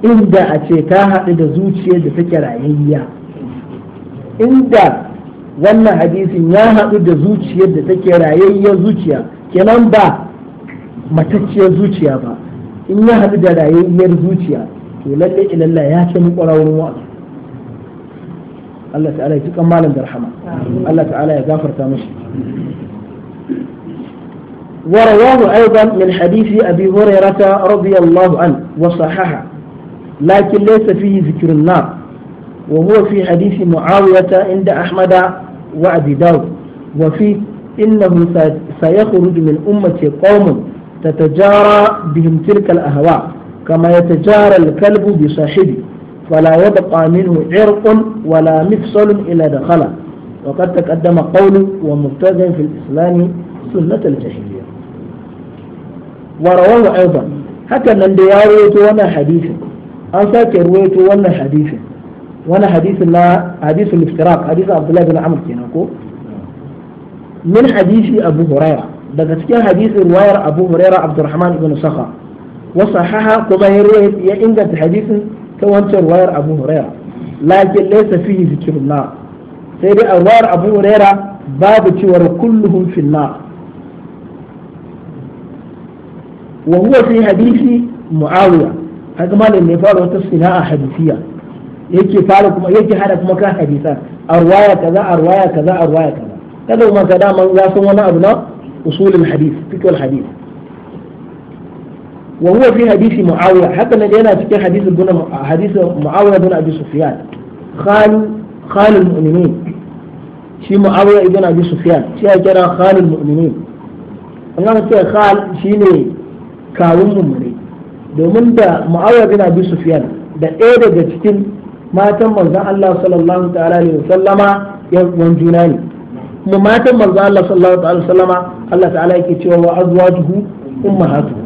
[SPEAKER 1] inda a ce ta haɗu da zuciyar da take rayayya inda wannan hadisin ya haɗu da zuciyar da take rayayyar zuciya kenan ba matacciyar zuciya ba in ya haɗu da rayayyar zuciya to lalle ilalla ya ce mu ƙwararrun wa'azi Allah ta'ala ya ji malam da rahama Allah ta'ala ya gafarta mashi ورواه أيضا من حديث أبي هريرة رضي الله عنه وصححه لكن ليس فيه ذكر النار وهو في حديث معاوية عند أحمد وأبي داود وفي إنه سيخرج من أمة قوم تتجارى بهم تلك الأهواء كما يتجارى الكلب بصاحبه فلا يبقى منه عرق ولا مفصل إلا دخله وقد تقدم قول ومبتدع في الإسلام سنة الجاهلية ورواه أيضا هكذا اللي يرويت وانا حديث أنساك رويت وانا حديث wani hadisin na hadisul iftiraq hadisin abdullahi bin amr kenan ko min hadisi abu huraira daga cikin hadisin ruwayar abu huraira abdurrahman ibn sakha wa sahaha kuma ya inganta hadisin ta wancan ruwayar abu huraira lakin laysa fihi dhikrun nar sai dai a ruwayar abu huraira babu cewar kulluhum fin nar wa huwa fi hadisi muawiya haka malam ne fara wata sina'a hadisiya yake fara kuma yake hada kuma ka hadisa arwaya kaza arwaya kaza arwaya kaza kada kuma ka dama ya san wani abu na usulul hadith fiqhul hadith wa huwa fi hadisi muawiya haka nan yana cikin hadisi bin hadisi muawiya bin abi sufyan khal khalul mu'minin shi muawiya ibn abi sufyan shi ya kira khalul mu'minin an ce khal shine kawun mu mu'mini domin da muawiya bin abi sufyan da ɗaya daga cikin matan manzon Allah sallallahu ta'ala alaihi wasallama yan juna ne kuma matan manzon Allah sallallahu ta'ala wasallama Allah ta'ala yake cewa wa azwajuhu ummahatuhu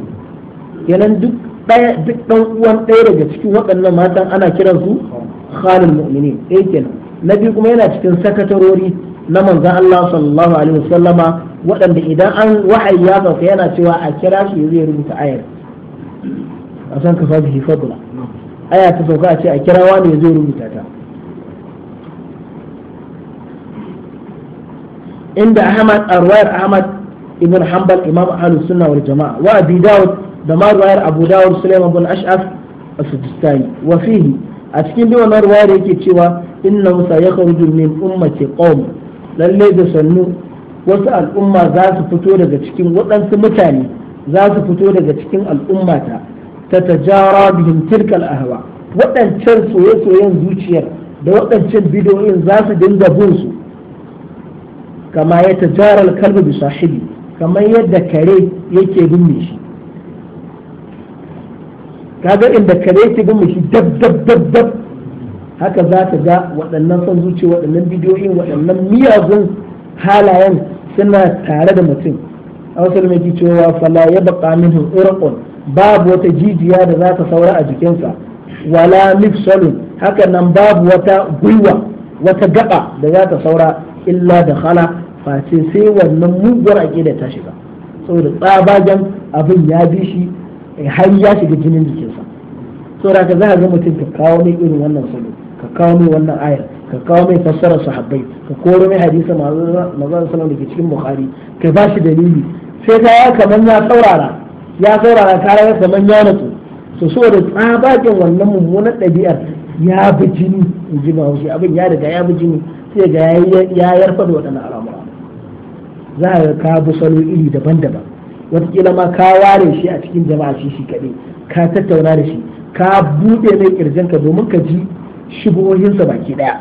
[SPEAKER 1] kenan duk daya duk dan uwan daya daga cikin waɗannan matan ana kiran su khalil mu'minin eh kenan na biyu kuma yana cikin sakatarori na manzon Allah sallallahu alaihi wasallama waɗanda idan an wahayi ya sauka yana cewa a kira shi zai rubuta ayar a san ka fadihi fadla aya ta sauka a ce a kirawa ne zo rubuta ta inda ahmad arwayar ahmad ibn hanbal imam ahlus sunna wal jamaa wa abi daud da ma ruwayar abu daud sulaiman bin ash'af as-sijistani wa fihi a cikin dai wannan ruwayar yake cewa inna musa yakhruju min ummati qaum lalle da sannu wasu al'umma za su fito daga cikin waɗansu mutane za su fito daga cikin al'ummata tatajara bihim tilka al waɗancan soye-soyen zuciyar da waɗancan bidiyoyin za su dinga bin su kama ya tajara al bi sahibi kamar yadda kare yake bin shi kaga inda kare yake bin shi dab dab dab dab haka za ka ga waɗannan son zuci waɗannan bidiyoyin waɗannan miyagun halayen suna tare da mutum a wasu da cewa fala ya baka minhu irqun babu wata jijiya da za ta saura a jikinsa wala mifsalun haka nan babu wata gwiwa wata gaba da za ta saura illa da khala face sai wannan muguwar aƙida ta shiga saboda tsabagen abin ya bi shi har ya shiga jinin jikinsa saboda ka za ga mutum ka kawo mai irin wannan salo ka kawo mai wannan ayar ka kawo mai fassarar sahabbai ka koro mai hadisa mazan salon da ke cikin bukari ka ba shi dalili sai ka ya kamar na saurara ya saurara karar kamar ya nutsu su so da tsabagen wannan mummunan ɗabi'ar ya bi jini in ji bahaushe abin ya riga ya bi jini sai ga ya yarfa da waɗannan al'amura za a ga ka bi salo iri daban-daban wataƙila ma ka ware shi a cikin jama'a shi shi kaɗai ka tattauna da shi ka buɗe mai ka domin ka ji shigohinsa baki ɗaya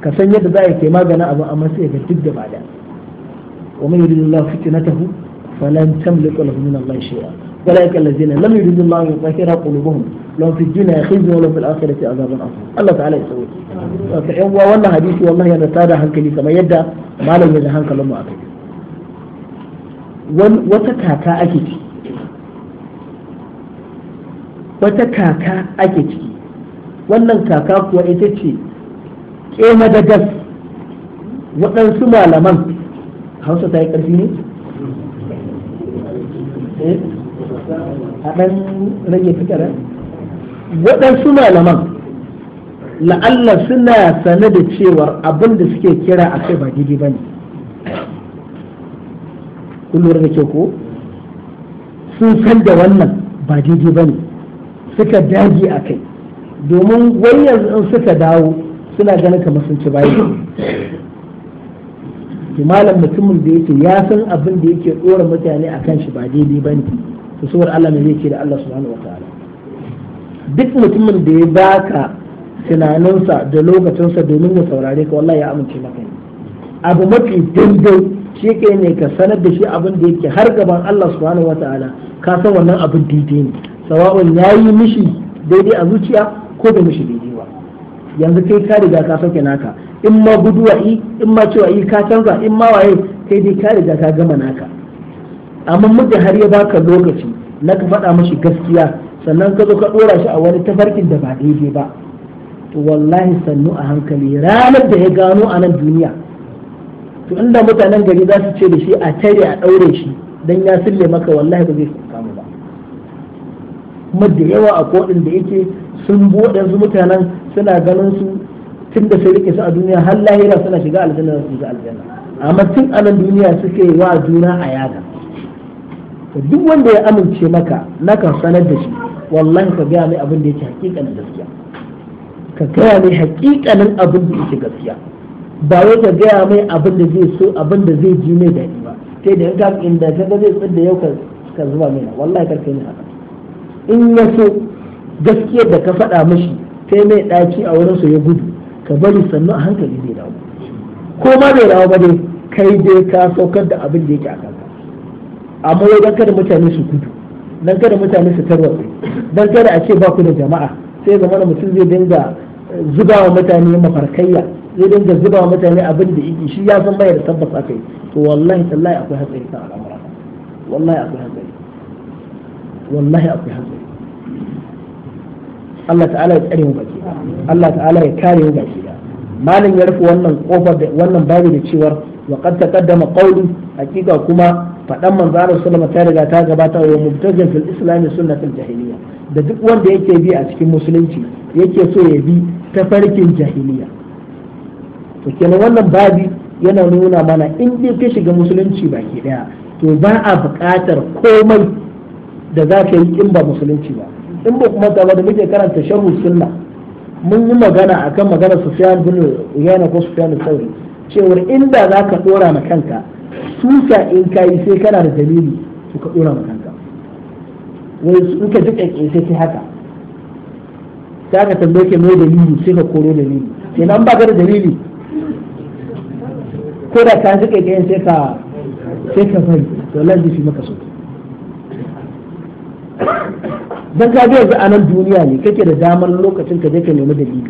[SPEAKER 1] ka san yadda za a yi kai maganin abu amma sai ga duk da ba da wa mai yi lillahi fitinatahu فلن تملك له من الله شيئا أولئك الذين لم يريد الله أن يطهر قلوبهم لهم في الدنيا خزي ولهم في الآخرة عذاب عظيم الله تعالى يسوي فإن والله حديثي والله أنا تابع هنكلي كما يدعى ما لم يدعى هنك لما أكيد وتكاكا أكيد وتكاكا أكيد wannan kaka kuwa ita ce ƙema da gas waɗansu malaman hausa ta yi ƙarfi ne Eh? a ɗan rage waɗansu malaman la'alla suna sane da cewar abin da suke kira a kai ba daidai ba ne kullum da ke ko sun san da wannan ba daidai ba ne suka daji a kai domin wayar in suka dawo suna ganin kamar sun ci bayan to malam mutumin da yake ya san abin da yake dora mutane akan shi ba daidai ba ne to suwar Allah ne zai da Allah subhanahu wataala duk mutumin da ya baka tunaninsa da lokacinsa domin ya saurare ka wallahi ya amince maka ne abu mafi dindin shi ke ne ka sanar da shi abin da yake har gaban Allah subhanahu wataala ka san wannan abin daidai ne sawa'un yayi mishi daidai a zuciya ko da mishi daidai ba yanzu kai ka riga ka sauke naka in ma gudu yi in ma cewa yi ka canza in ma waye kai dai ka riga ka gama naka amma muddin har ya baka lokaci na ka faɗa mashi gaskiya sannan ka zo ka ɗora shi a wani tafarkin da ba daidai ba to wallahi sannu a hankali ranar da ya gano a nan duniya to inda mutanen gari za su ce da shi a tare a ɗaure shi dan ya sille maka wallahi ba zai samu ba kuma da yawa a koɗin da yake sun buɗe su mutanen suna ganin su tun da sai rike su a duniya har lahira suna shiga aljanna su shiga aljanna amma tun a nan duniya suke wa juna a yaga duk wanda ya amince maka na kan sanar da shi wallahi ka gaya mai abin da yake hakikanin gaskiya ka gaya mai hakikanin abin da yake gaskiya ba wai ka gaya mai abin da zai so abin da zai ji mai daɗi ba sai da yanka inda ka ga zai tsada yau ka zuba mai na wallahi ka kai haka in ya so gaskiyar da ka faɗa mishi sai mai ɗaki a wurin so ya gudu ka bari sannu a hankali zai dawo ko ma bai dawo ba dai kai dai ka saukar da abin da yake a kanka amma wai dan kada mutane su gudu dan kada mutane su tarwatsa dan kada a ce ba ku da jama'a sai zama da mutum zai dinga eh, zuba wa mutane mafarkayya zai dinga zuba wa mutane abin da yake shi ya san bai da tabbas akai to wallahi tallahi akwai hatsari kan al'amura wallahi akwai hatsari wallahi akwai hatsari Allah ta'ala ya tsare mu baki Allah ta'ala ya kare mu baki malam ya rufe wannan kofar da wannan babu da cewar wa qad taqaddama qawli hakika kuma fadan manzo Allah sallallahu alaihi ta riga ta gabata wa mubtajin fil islam sunnatul jahiliya da duk wanda yake bi a cikin musulunci yake so ya bi ta farkin jahiliya to kenan wannan babi yana nuna mana in dai ka shiga musulunci baki daya to ba a buƙatar komai da za ka yi in ba musulunci ba in ba kuma ta da muke karanta sharhu sunna mun yi magana akan magana sufyan bin uyana ko sufyan sauri cewar inda za ka dora ma kanka susa in kai sai kana da dalili to ka dora ma kanka wai in ka ji ke sai ki haka sai ka tambaye ka mai dalili sai ka koro dalili kenan ba ka da dalili ko da ka ji ke sai ka sai ka bari to Allah shi maka sauki don ka ga yanzu a nan duniya ne kake da damar lokacin ka je ka nemi dalili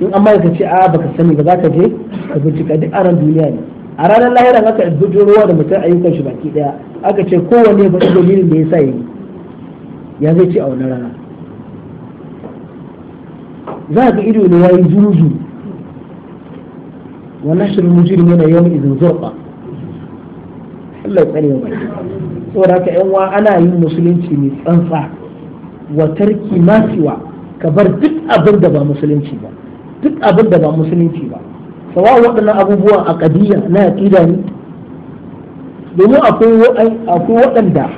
[SPEAKER 1] in amma ka ce a baka sani ba za ka je ka bincika duk a nan duniya ne a ranar lahira aka bujo ruwa da mutum ayyukan shi baki daya aka ce kowanne ba dalilin da yasa yi ya zai ce a wani rana za ka ido ne yayi zuruzu wannan shirin mujrimin na yawmin idin zurqa Allah ya tsare mu saboda haka yan uwa ana yin musulunci mai tsantsa wa tarki ma siwa ka bar duk abin da ba musulunci ba duk abin da ba musulunci ba sawa waɗannan abubuwa a ƙadiyya na aƙida ne domin akwai waɗanda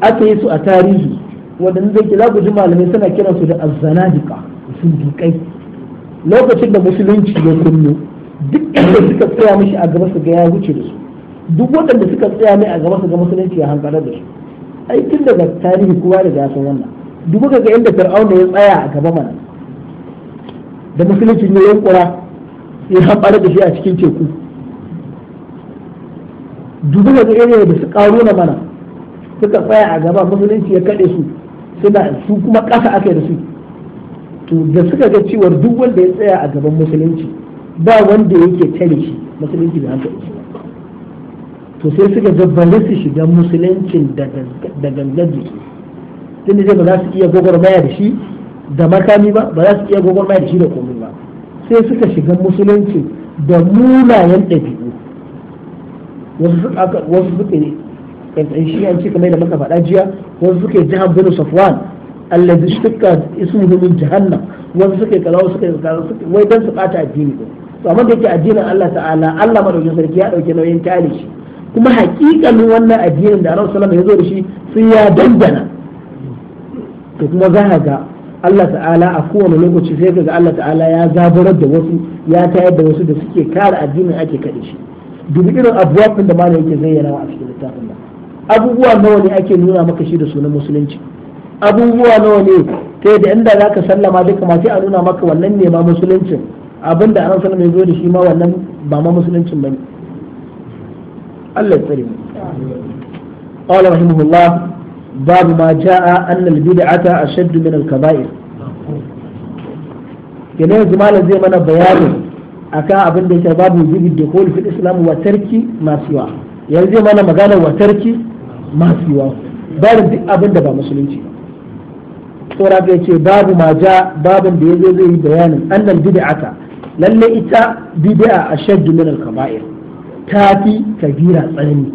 [SPEAKER 1] aka yi su a tarihi waɗanda zai kira ji malamai suna kiran su da azzanadika dukai lokacin da musulunci ya kullu duk inda suka tsaya mishi a gaba su ga ya wuce da su duk waɗanda suka tsaya mai a gaba su ga musulunci ya hankalar da su aikin daga tarihi kowa da ya wannan dubu ga inda fir'auna ya tsaya a gaba mana da musulunci ne yankura ya haɓar da shi a cikin teku dubu ga irin da su ƙaro na mana suka tsaya a gaba musulunci ya kaɗe su suna su kuma ƙasa aka da su to da suka ga cewar duk wanda ya tsaya a gaban musulunci ba wanda yake tare shi musulunci da ba. to sai suka gabbalar su shiga musuluncin da gangan jiki tun da ba za su iya gwagwarmaya da shi da makami ba ba za su iya gwagwarmaya da shi da komai ba sai suka shiga musulunci da munayen ɗabi'u wasu suka ne ƙanƙan shi an ci kamar da muka faɗa jiya wasu suka yi jihar bin safwan allazi shukka ismuhu min jahannam wasu suka yi kalawa suka yi wai dan su ɓata addini to amma da yake addinin Allah ta'ala Allah madaukakin sarki ya ɗauke nauyin tare kuma hakikalin wannan addinin da annabi sallallahu alaihi wasallam ya zo da shi sai ya dandana to kuma za ka ga Allah ta'ala a kowane lokaci sai ka ga Allah ta'ala ya zaburar da wasu ya tayar da wasu da suke kare addinin ake kaɗe shi dubi irin abubuwan da malam yake zayyana a cikin littafin nan abubuwa nawa ne ake nuna maka shi da sunan musulunci abubuwa nawa ne ta yadda inda za ka sallama duka ma sai a nuna maka wannan ne ma musuluncin abinda annabi sallallahu alaihi wasallam ya zo da shi ma wannan ba ma musuluncin bane Allah ya mu قال رحمه الله باب ما جاء أن البدعة أشد من الكبائر malam zai mana bayani akan abin da yake babu wujubin dukhul fil islam wa tarki ma yanzu zai mana magana wa tarki ma babu duk da ba musulunci tsora ga yace babu maja ja babin da yazo zai yi bayanin annal bid'ata ita bid'a ashaddu min kaba'ir ta fi kabira tsanani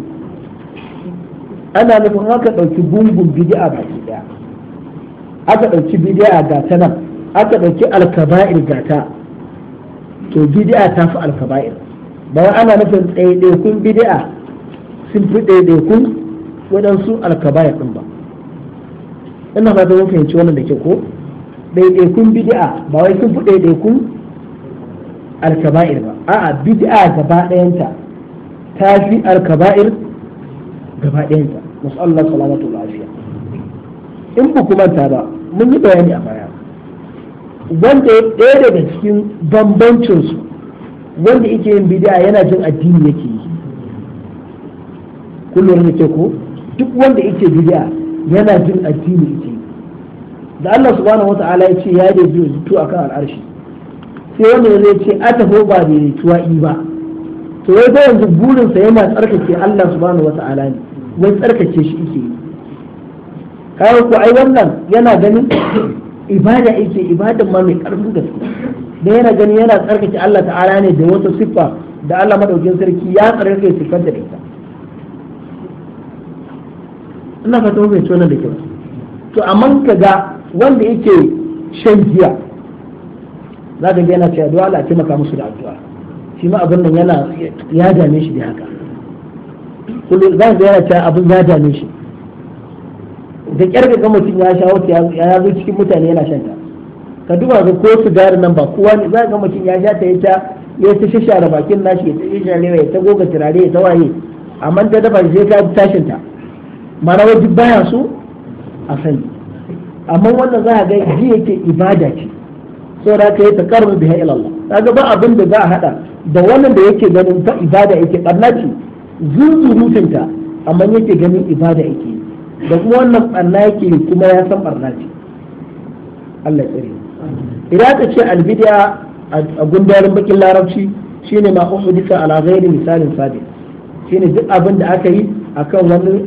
[SPEAKER 1] ana nufin haka ɗauki gungun ba ke daya aka ɗauki bidi'a ga ta nan aka ɗauki alkaba'ir ga ta to bidi'a ta fi alkaba'ir bayan ana nufin ɗaiɗaikun bidi'a sun fi ɗaiɗaikun waɗansu alkaba'ir ɗin ba ina fata mun fahimci wannan da ke ko ɗaiɗaikun bidi'a ba wai sun fi ɗaiɗaikun alkaba'ir ba a'a bidi'a gaba ɗayanta Tafi fi alkaba'ir gaba ɗayanta Allah salamatu lafiya in ba kuma ta ba mun yi bayani a baya wanda ɗaya daga cikin bambancinsu wanda yake yin bidiya yana jin addini yake yi kullum da ke ko duk wanda yake bidiya yana jin addini yake yi da Allah subhanahu wa ta'ala ya ce ya da biyu zutu akan al'arshi sai wanda ya ce a tafi ba da tuwa'i ba to wai da yanzu sa yana tsarkake Allah subhanahu wata'ala ne wai tsarkake shi yake kai ku ai wannan yana ganin ibada yake ibadan ma mai karfin su da yana ganin yana tsarkake Allah ta'ala ne da wata siffa da Allah madaukin sarki ya tsarkake siffar da ita ina fata mai tona da kyau to amma kaga wanda yake shan giya za ka ga yana cewa dole a taimaka musu da addu'a shi ma abin nan yana ya dame shi da haka kullum za ka yana ta abin ya dame shi da kyar ga mutum ya sha wata ya zo cikin mutane yana shan ta ka duba ga ko sigari nan ba kowa ne za ga mutum ya sha ta ya ta ya ta shashara bakin nashi ya ta shashare ya ta goga turare ya ta waye amma ta dafa sai ka tashin ta mara wajen baya so a sani amma wannan za a ga ji yake ibada ce saboda ka yi ta karin biha ilallah kaga ba abin da za a hada da wannan da yake ganin ta ibada yake barna ce zunzurutun ta amma yake ganin ibada yake da kuma wannan barna yake kuma ya san barna ce Allah tsare idan ka ce albidiya a gundarin bakin larabci shine ma uhdisa ala ghairi misalin sabiq shine duk abin da aka yi akan wani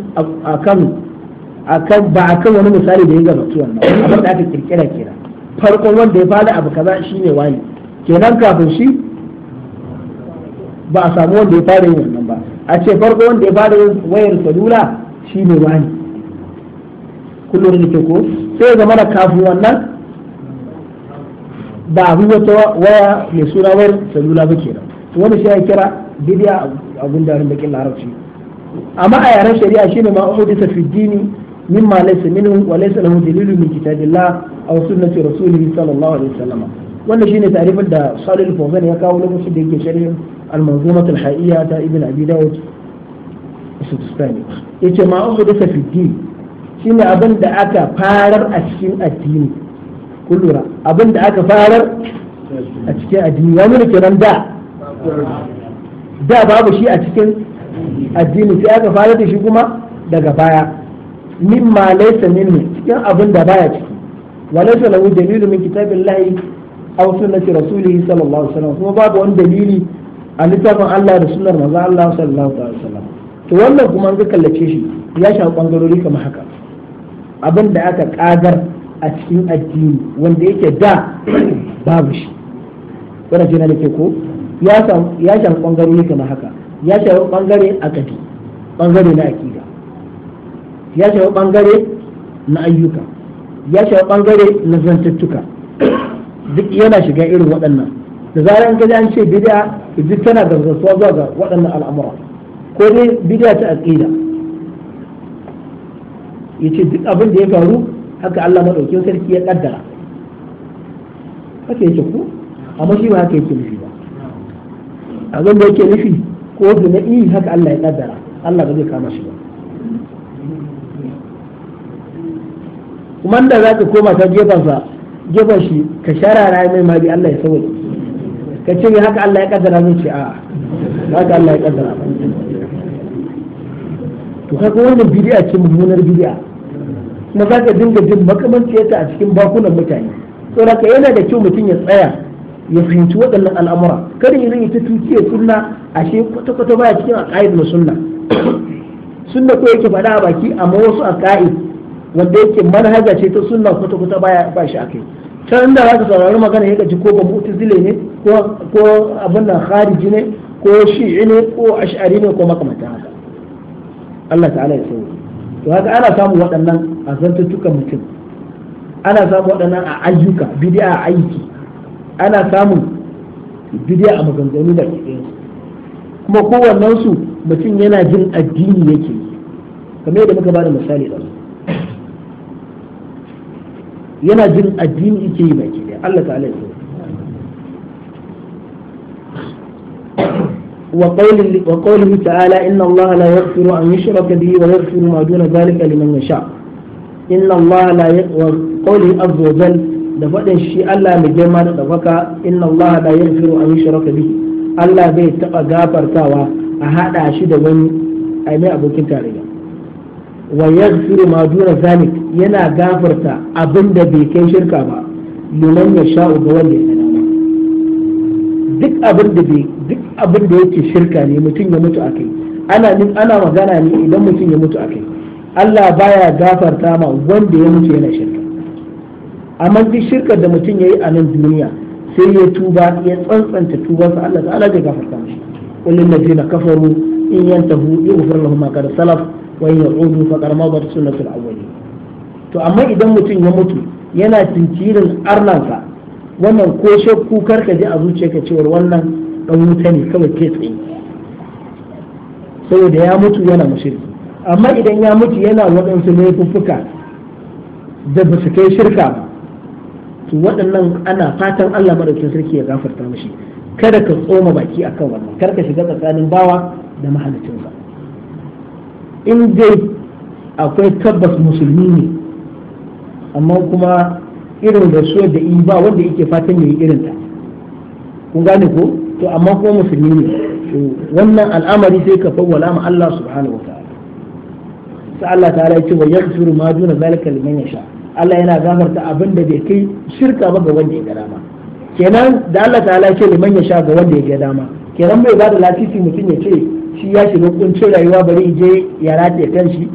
[SPEAKER 1] akan akan ba akan wani misali da ya gabatu wannan abin da aka kirkira kenan farkon wanda ya fara abu kaza shine wani kenan kafin shi ba a samu wanda ya fara yin wannan ba a ce farko wanda ya fara yin wayar salula shi ne wani kullum da ke ko sai zama da kafin wannan ba a wata waya mai suna wayar salula ba ke wani shi ya kira bidiya a da bakin larabci amma a yaren shari'a shine ma uhudita fi dini ma laisa minhu wa laisa lahu dalilun min kitabillah aw sunnati rasulih sallallahu alaihi wasallam wannan shine tarifin da Salih Fawzan ya kawo lokacin da yake sharhin al-manzumat al-hayya ta Ibn Abi Dawud Sistani yace ma an da fi din shine abin da aka farar a cikin addini abin da aka farar
[SPEAKER 2] a cikin addini ya da
[SPEAKER 1] da babu shi a cikin addini sai aka farar da shi kuma daga baya mimma laysa minni cikin abin da baya ciki wa laysa lahu dalilun min kitabillahi aw sunnati rasulihi sallallahu alaihi wasallam kuma babu wani dalili a littafin Allah da sunnar manzon Allah sallallahu alaihi to wannan kuma an ga kallace shi ya shafi bangarori kamar haka abin da aka kagar a cikin addini wanda yake da babu shi wannan jina da ke ko ya shafi bangarori kamar haka ya shafi bangare akadi bangare na ya bangare na ayyuka ya bangare na zantattuka duk yana shiga irin waɗannan da zaran ka an ce bid'a duk tana da zuwa ga waɗannan al'amura ko dai bid'a ta aqida yace duk abin da ya faru haka Allah madaukin sarki ya kaddara haka ya ku amma shi ba haka yake nufi ba abin da yake nufi ko da na yi haka Allah ya kaddara Allah ba zai kama shi ba kuma da za ka koma ta jefansa gefen shi ka sharara mai ma Allah ya sauke ka ce mai haka Allah ya kaddara zai ce a'a haka Allah ya kaddara to kaga wannan bidiya ce mummunar na kuma ka dinga jin ta a cikin bakunan mutane saboda yana da kyau mutum ya tsaya ya fahimci waɗannan al'amura kada ya rinyi ta ya sunna ashe kwata-kwata baya cikin aqaid na sunna sunna ko yake faɗa a baki amma wasu aqaid wanda yake manhaja ce ta sunna kwata kwata baya ba shi akai ta inda za ka saurari magana yake ji ko ba mu'tazile ne ko ko abin nan khariji ne ko shi'i ne ko ash'ari ne ko makamantan haka Allah ta'ala ya sauri. to haka ana samun waɗannan a mutum ana samun waɗannan a ayyuka bid'a a aiki ana samun bid'a a maganganu da kike kuma kowannen su mutum yana jin addini yake kamar yadda muka bada misali su yana jin addini ke yi baki daya Allah ta alaihi wa qawlin wa ta'ala inna Allah la yaghfiru an yushraka bihi wa yaghfiru ma duna zalika liman yasha inna Allah la wa qawli azza da fadin shi Allah mai Allah la yaghfiru bai taba gafartawa a haɗa shi da wani ai mai abokin tarayya wa yaghfiru ma dura zalik yana gafarta abin da bai kai shirka ba liman ya sha'u ga wanda ya dama duk abin da bai duk abin da yake shirka ne mutum ya mutu akai ana ana magana ne idan mutum ya mutu akai Allah baya gafarta ma wanda ya mutu yana shirka amma duk shirka da mutum ya yi a nan duniya sai ya tuba ya tsantsanta sa Allah ta'ala zai gafarta mishi qul ladina kafaru in yantahu yughfir lahum ma qad salaf wa ya'udu faqad madat sunnatul awwali to amma idan mutum ya mutu yana tinkirin arnansa wannan ko shakku ka ji a ka cewa wannan dan wuta ne kawai kai tsaye saboda ya mutu yana mushriki amma idan ya mutu yana waɗansu laifuffuka da ba su kai shirka ba to waɗannan ana fatan Allah madaukakin sarki ya gafarta mishi kada ka tsoma baki akan wannan kar ka shiga tsakanin bawa da mahalicinsa in dai akwai tabbas musulmi ne amma kuma irin da su da in ba wanda yake fatan yi irin ta kun gane ko to amma kuma musulmi ne to wannan al'amari sai ka fawwala ma Allah subhanahu wa ta'ala sai Allah ta'ala ya ce wa yaghfiru ma duna zalika liman yasha Allah yana gafarta abin da bai kai shirka ba ga wanda ya gada dama kenan da Allah ta'ala ya ce liman yasha ga wanda ya ga dama kenan bai ba da lafifi mutum ya ce shi ya shiga kuncin rayuwa bari ya je ya rataye kanshi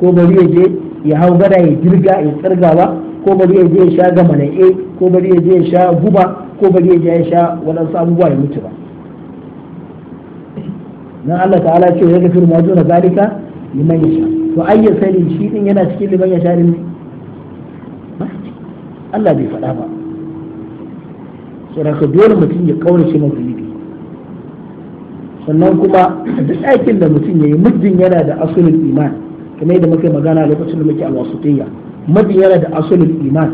[SPEAKER 1] ko bari ya je ya hau gada ya jirga ya tsirgawa ko bari ya je ya sha gamanae ko bari ya je ya sha guba ko bari ya je ya sha waɗansu abubuwa ya mutu ba nan Allah ta'ala ce ya gafir ma na zalika liman sha to ya sani shi din yana cikin liman sha din ne Allah bai faɗa ba ka dole mutum ya kaurace mafi sannan kuma duk aikin da mutum ya yi muddin yana da asulul iman kamar yadda muka magana lokacin da muke alwasutiyya muddin yana da asulin iman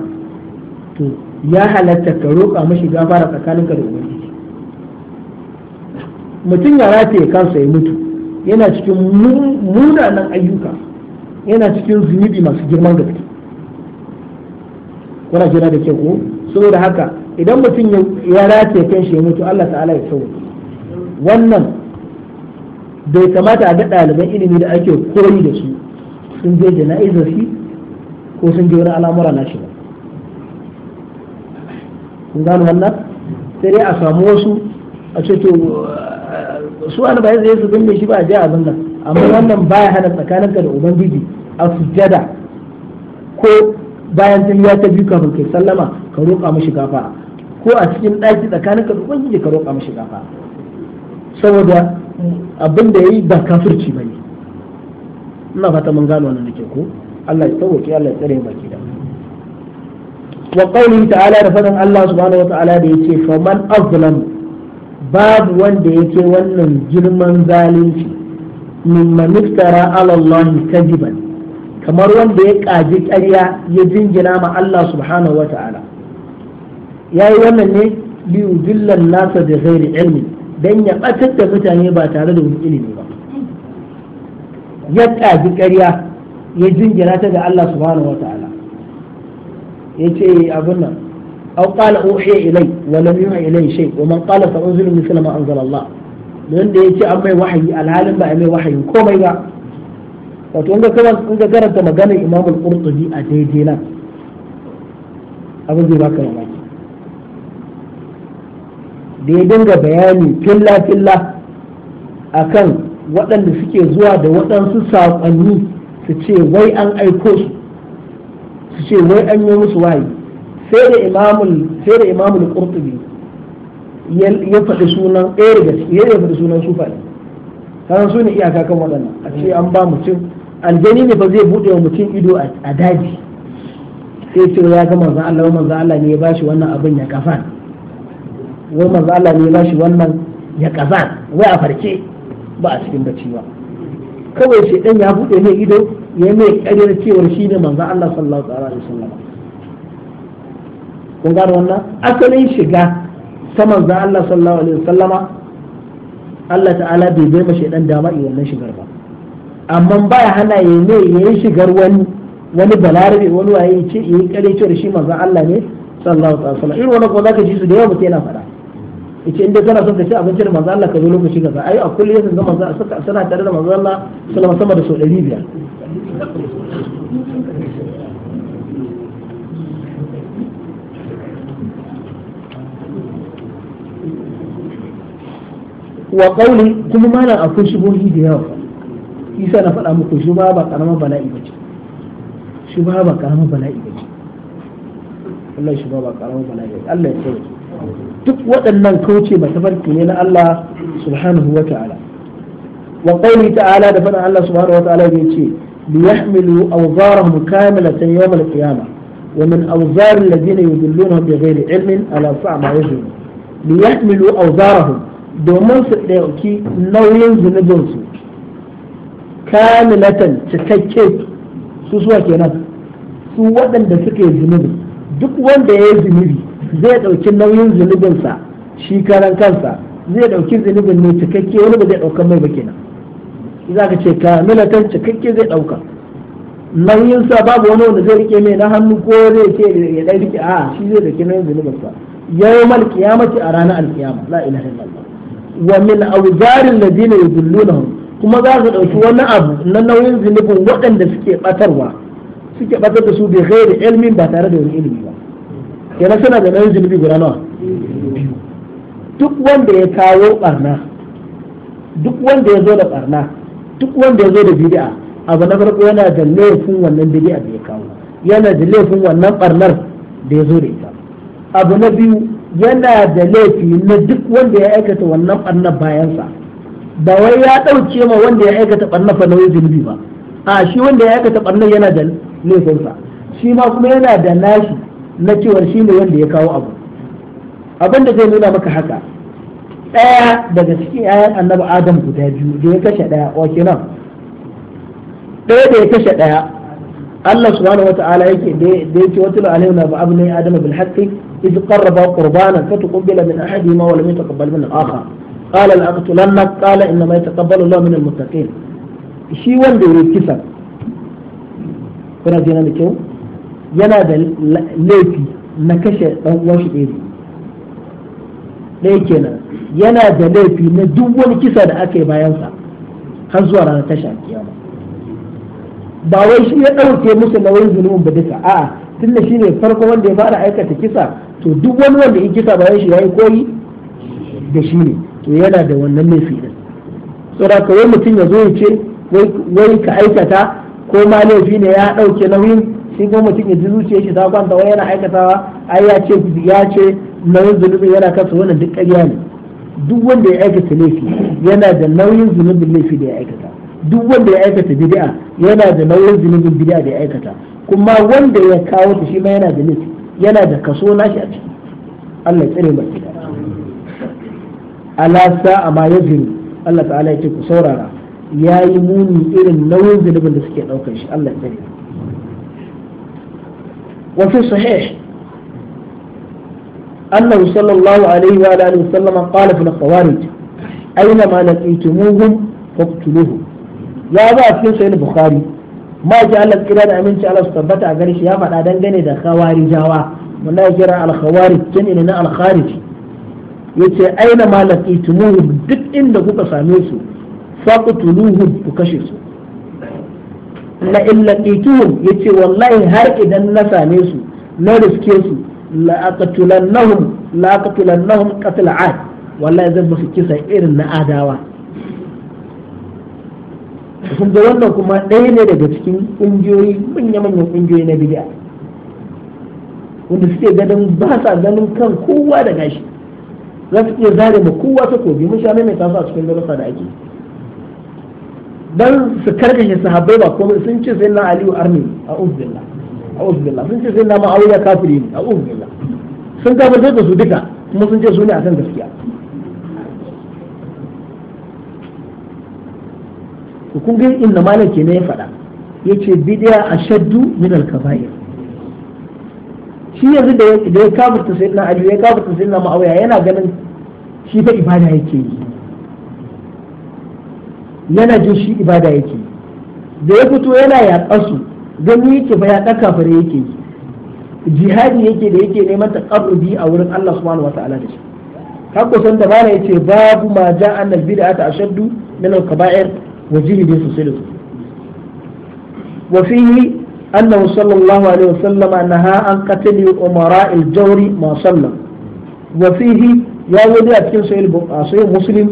[SPEAKER 1] to ya halatta ka roƙa mashi gafara ka da ubangiji mutum ya rataye kansa ya mutu yana cikin munanan ayyuka yana cikin zunubi masu girman gaske kuna jira da ke ko saboda haka idan mutum ya rataye kanshi ya mutu Allah ta'ala ya sauke wannan bai kamata a ga ɗaliban ilimi da ake koyi da su sun je jana'izar shi ko sun je wani al'amura na shi ba kun gano wannan sai dai a samu wasu a ce to su an bai zai su binne shi ba a je abin nan amma wannan baya hana tsakaninka da ubangiji a sujjada ko bayan sun ya ta biyu kafin kai sallama ka roƙa mashi gafa ko a cikin ɗaki tsakaninka da ubangiji ka roƙa mashi gafa saboda abin da yayi ba kafirci bane ina fata mun gano wannan nake ko Allah ya sauke Allah ya tsare ke da wa qawlihi ta'ala da fadan Allah subhanahu wa ta'ala da yace man azlam babu wanda yake wannan girman zalunci man iftara ala Allah kadiban kamar wanda ya kaji ƙarya ya jingina ma Allah subhanahu wa ta'ala yayi wannan ne liyudilla nasa da ghairi ilmi dan ya ɓatar da mutane ba tare da wani ilimi ba ya ƙaji ƙarya ya jingina ta ga Allah subhanahu wa ta'ala ya ce abin nan au qala uhiya ilai wa lam yuha ilai shay wa man qala sa unzilu misla ma anzala Allah wanda ya ce an mai wahayi alhalin ba mai wahayi komai ba wato inda kawai in ga karanta maganar Imam al-Qurtubi a daidai nan abin zai baka mamaki da ya dinga bayani filla-filla a kan waɗanda suke zuwa da waɗansu saƙonni su ce wai an aiko su su ce wai an yi musu wayi sai da imamul sai da imamul ya faɗi sunan ɗaya ya cikin ya faɗi sunan sufai kan su ne iyaka kan waɗannan a ce an ba mutum aljani ne ba zai buɗe wa mutum ido a daji sai ce ya ga manzan Allah manzon Allah ne ya bashi wannan abin ya kafa wai manzo Allah ne ya bashi wannan ya kaza wai a farke ba a cikin bacci ba kawai shi dan ya bude mai ido ya mai karyar cewar shi ne manzo Allah sallallahu alaihi wasallam kun gano wannan asalin shiga ta manzo Allah sallallahu alaihi wasallama Allah ta'ala bai bai ma shaidan dama i wannan shigar ba amma baya hana ya ne yayi shigar wani wani balarabe wani waye ya yi karyar cewar shi manzo Allah ne sallallahu alaihi wasallam irin wannan ko zaka ji su da yawa mutum yana faɗa yace inda kana son ka ci abincin da manzo Allah ka zo lokaci kaza ai a kullum yasan ga manzo suka sana tare da manzo Allah sallama sama da so 500
[SPEAKER 2] wa qawli
[SPEAKER 1] kuma mana akwai shubuhi da yawa isa na faɗa muku shubha ba karama bala'i ba ce shubha ba karama bala'i ba ce wallahi shubha ba karama bala'i Allah ya tsare duk waɗannan kauce mata farki ne na Allah subhanahu wa ta'ala wa qauli ta'ala da faɗin Allah subhanahu wa ta'ala ya ce li yahmilu awzarahum kamilatan yawm al-qiyamah wa min awzar alladhina yudillunahum bighairi ilmin ala sa'a ma yazun yahmilu awzarahum domin su ɗauki nauyin zunubinsu kamilatan cikakke su suwa kenan su waɗanda suke zunubi duk wanda ya yi zunubi zai ɗauki nauyin zunubinsa shi karan kansa zai ɗauki zunubin ne cikakke wani ba zai ɗauka mai ba kenan za ka ce kamilatan cikakke zai ɗauka nauyinsa babu wani wanda zai rike mai na hannu ko zai ce ya ɗai rike a shi zai ɗauki nauyin zunubinsa yawmal qiyamati a ranar alkiyama la ilaha illallah wa min awzarin ladina yudulluna kuma za su ɗauki wani abu na nauyin zunubin waɗanda suke ɓatarwa suke ɓatar da su bai ghairi ilmin ba tare da wani ilimi ba kenan suna da ɗan zunubi guda nawa duk wanda ya kawo barna duk wanda ya zo da barna duk wanda ya zo da bid'a abu na farko yana da laifin wannan bid'a da ya kawo yana da laifin wannan barnar da ya zo da ita abu na biyu yana da laifi na duk wanda ya aikata wannan barnar bayansa ba wai ya ɗauke ma wanda ya aikata barnar fa nauyin zunubi ba a shi wanda ya aikata barnar yana da laifinsa shi ma kuma yana da nashi na cewar shi ne wanda ya kawo abu abin da zai nuna maka haka ɗaya daga cikin ayan annabi adam guda biyu da ya kashe ɗaya wa kenan ɗaya da ya kashe ɗaya Allah subhanahu wa ta'ala yake da yake wata la alayhi na ba'ab ne adam bil haqqi iz qarraba qurbanan fatuqbila min ahadihima wa lam yataqabbal min al-akhar qala al-aqtulanna qala innama yataqabbalu Allah min al-muttaqin shi wanda ya kisa kuna jina da kyau yana da laifi na kashe ɗan uwan shi ɗaya ɗaya kenan yana da laifi na duk wani kisa da aka yi bayansa har zuwa ranar tasha kiyama ba wai shi ya ɗauke musu nauyin zunubin ba duka a'a tunda shi ne farko wanda ya fara aikata kisa to duk wani wanda ya kisa bayan shi ya yi koyi da shi ne to yana da wannan laifi din saboda wai mutum ya zo ya ce wai ka aikata ko ma laifi ne ya ɗauke nauyin shi kuma mutum ya zuciya zuciyar shi ta kwanta wai yana aikatawa ai ya ce ya ce nauyin zunubin yana kasa wannan duk ƙarya ne duk wanda ya aikata laifi yana da nauyin zunubin laifi da ya aikata duk wanda ya aikata bid'a yana da nauyin zunubin bid'a da ya aikata kuma wanda ya kawo ta shi ma yana da laifi yana da kaso nashi a ciki Allah ya tsare mu ala amma ya yazinu Allah ta'ala ya ce ku saurara yayi muni irin nauyin zunubin da suke daukar shi Allah ya tsare mu وفي صحيح أنه صلى الله عليه وآله وسلم قال في الخوارج أينما لقيتموهم فاقتلوهم يا با في سيد البخاري ما جاء لك كده أمين شاء الله استبت أغريش يا فتا دنجني ده خوارجاوا والله جرى على خوارج جنين على خارج yace aina ma laqitumuhum duk inda kuka same su faqtuluhum ku kashe su la ya yace wallahi har idan na same su na riske su la aqtulannahum la aqtulannahum qatl ad wallahi zan musu kisa irin na adawa kun da wannan kuma ɗaya ne daga cikin ƙungiyoyi manya-manyan ƙungiyoyi na bid'a wanda suke ganin ba sa ganin kan kowa da gashi za su iya zare ma kowa ta takobi mun sha mai tasa a cikin darasa da ake dan su karkashe sahabbai ba komai sun ce sai na aliyu arni a uzbillah a uzbillah sun ce sai na ma'awiya kafiri a uzbillah sun kafirce da su duka kuma sun ce su ne akan gaskiya kun ga inna malaki ne ya faɗa yace bid'a ashaddu min al-kaba'ir shi yanzu da ya kafirta na aliyu ya kafirta na ma'awiya yana ganin shi fa ibada yake yi yana jin shi ibada yake da ya fito yana yaƙa su gani yake ba ɗaka fara yake jihadi yake da yake neman ta taqarrubi a wurin Allah subhanahu ta'ala da shi kako san da bana yace babu ma ja'a annal bid'ata ashaddu min al-kaba'ir wa jihdi sosai da sosai wa fihi أنه صلى الله عليه وسلم نهى عن قتل أمراء الجور ما صلى ya يا a cikin سيد مسلم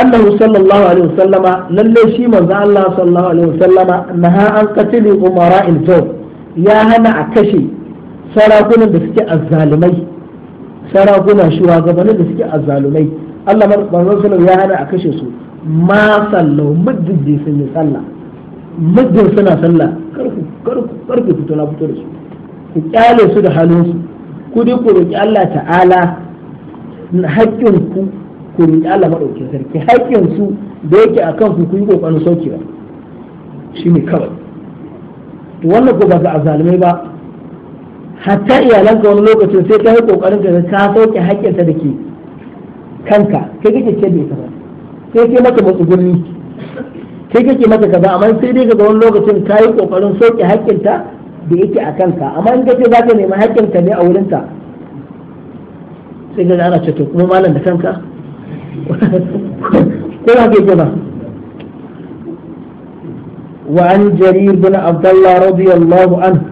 [SPEAKER 1] annahu sallallahu alaihi wasallama lalle shi manzo Allah sallallahu alaihi wasallama naha an qatili umara ilto ya hana a kashe sarakunan da suke azzalumai sarakuna shugabannin da suke azzalumai Allah manzo sallallahu ya hana a kashe su ma sallau muddin sun yi sallah muddin suna sallah karku karku karku fito na fito da su ku kyale su da halin su ku dai ku roki Allah ta'ala haƙƙin ku ko ni Allah madaukin sarki haƙƙin su da yake akan su ku yi kokarin saukewa shine kawai to wannan ko ba ga azalmai ba hatta ka wani lokacin sai ka yi kokarin ka ka sauke haƙƙin da ke kanka kai kake ce da ita ba sai kai maka matsugurni kai kake maka kaza amma sai dai ka ga wani lokacin ka yi kokarin sauke ta da yake a kanka amma in kace za ka nemi ka ne a wurinta sai ga ana ce to kuma malam da kanka كلها في جبهة وعن جرير بن عبد الله رضي الله عنه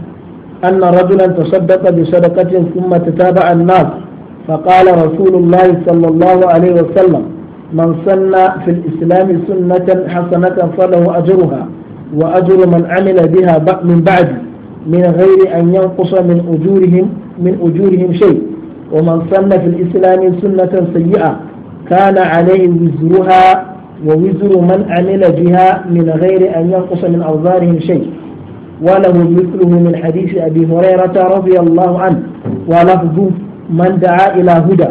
[SPEAKER 1] أن رجلا تصدق بصدقة ثم تتابع الناس فقال رسول الله صلى الله عليه وسلم من سن في الإسلام سنة حسنة فله أجرها وأجر من عمل بها من بعد من غير أن ينقص من أجورهم من أجورهم شيء ومن سن في الإسلام سنة سيئة كان عليه وزرها ووزر من عمل بها من غير أن ينقص من أوزارهم شيء وله مثله من حديث أبي هريرة رضي الله عنه ولفظ من دعا إلى هدى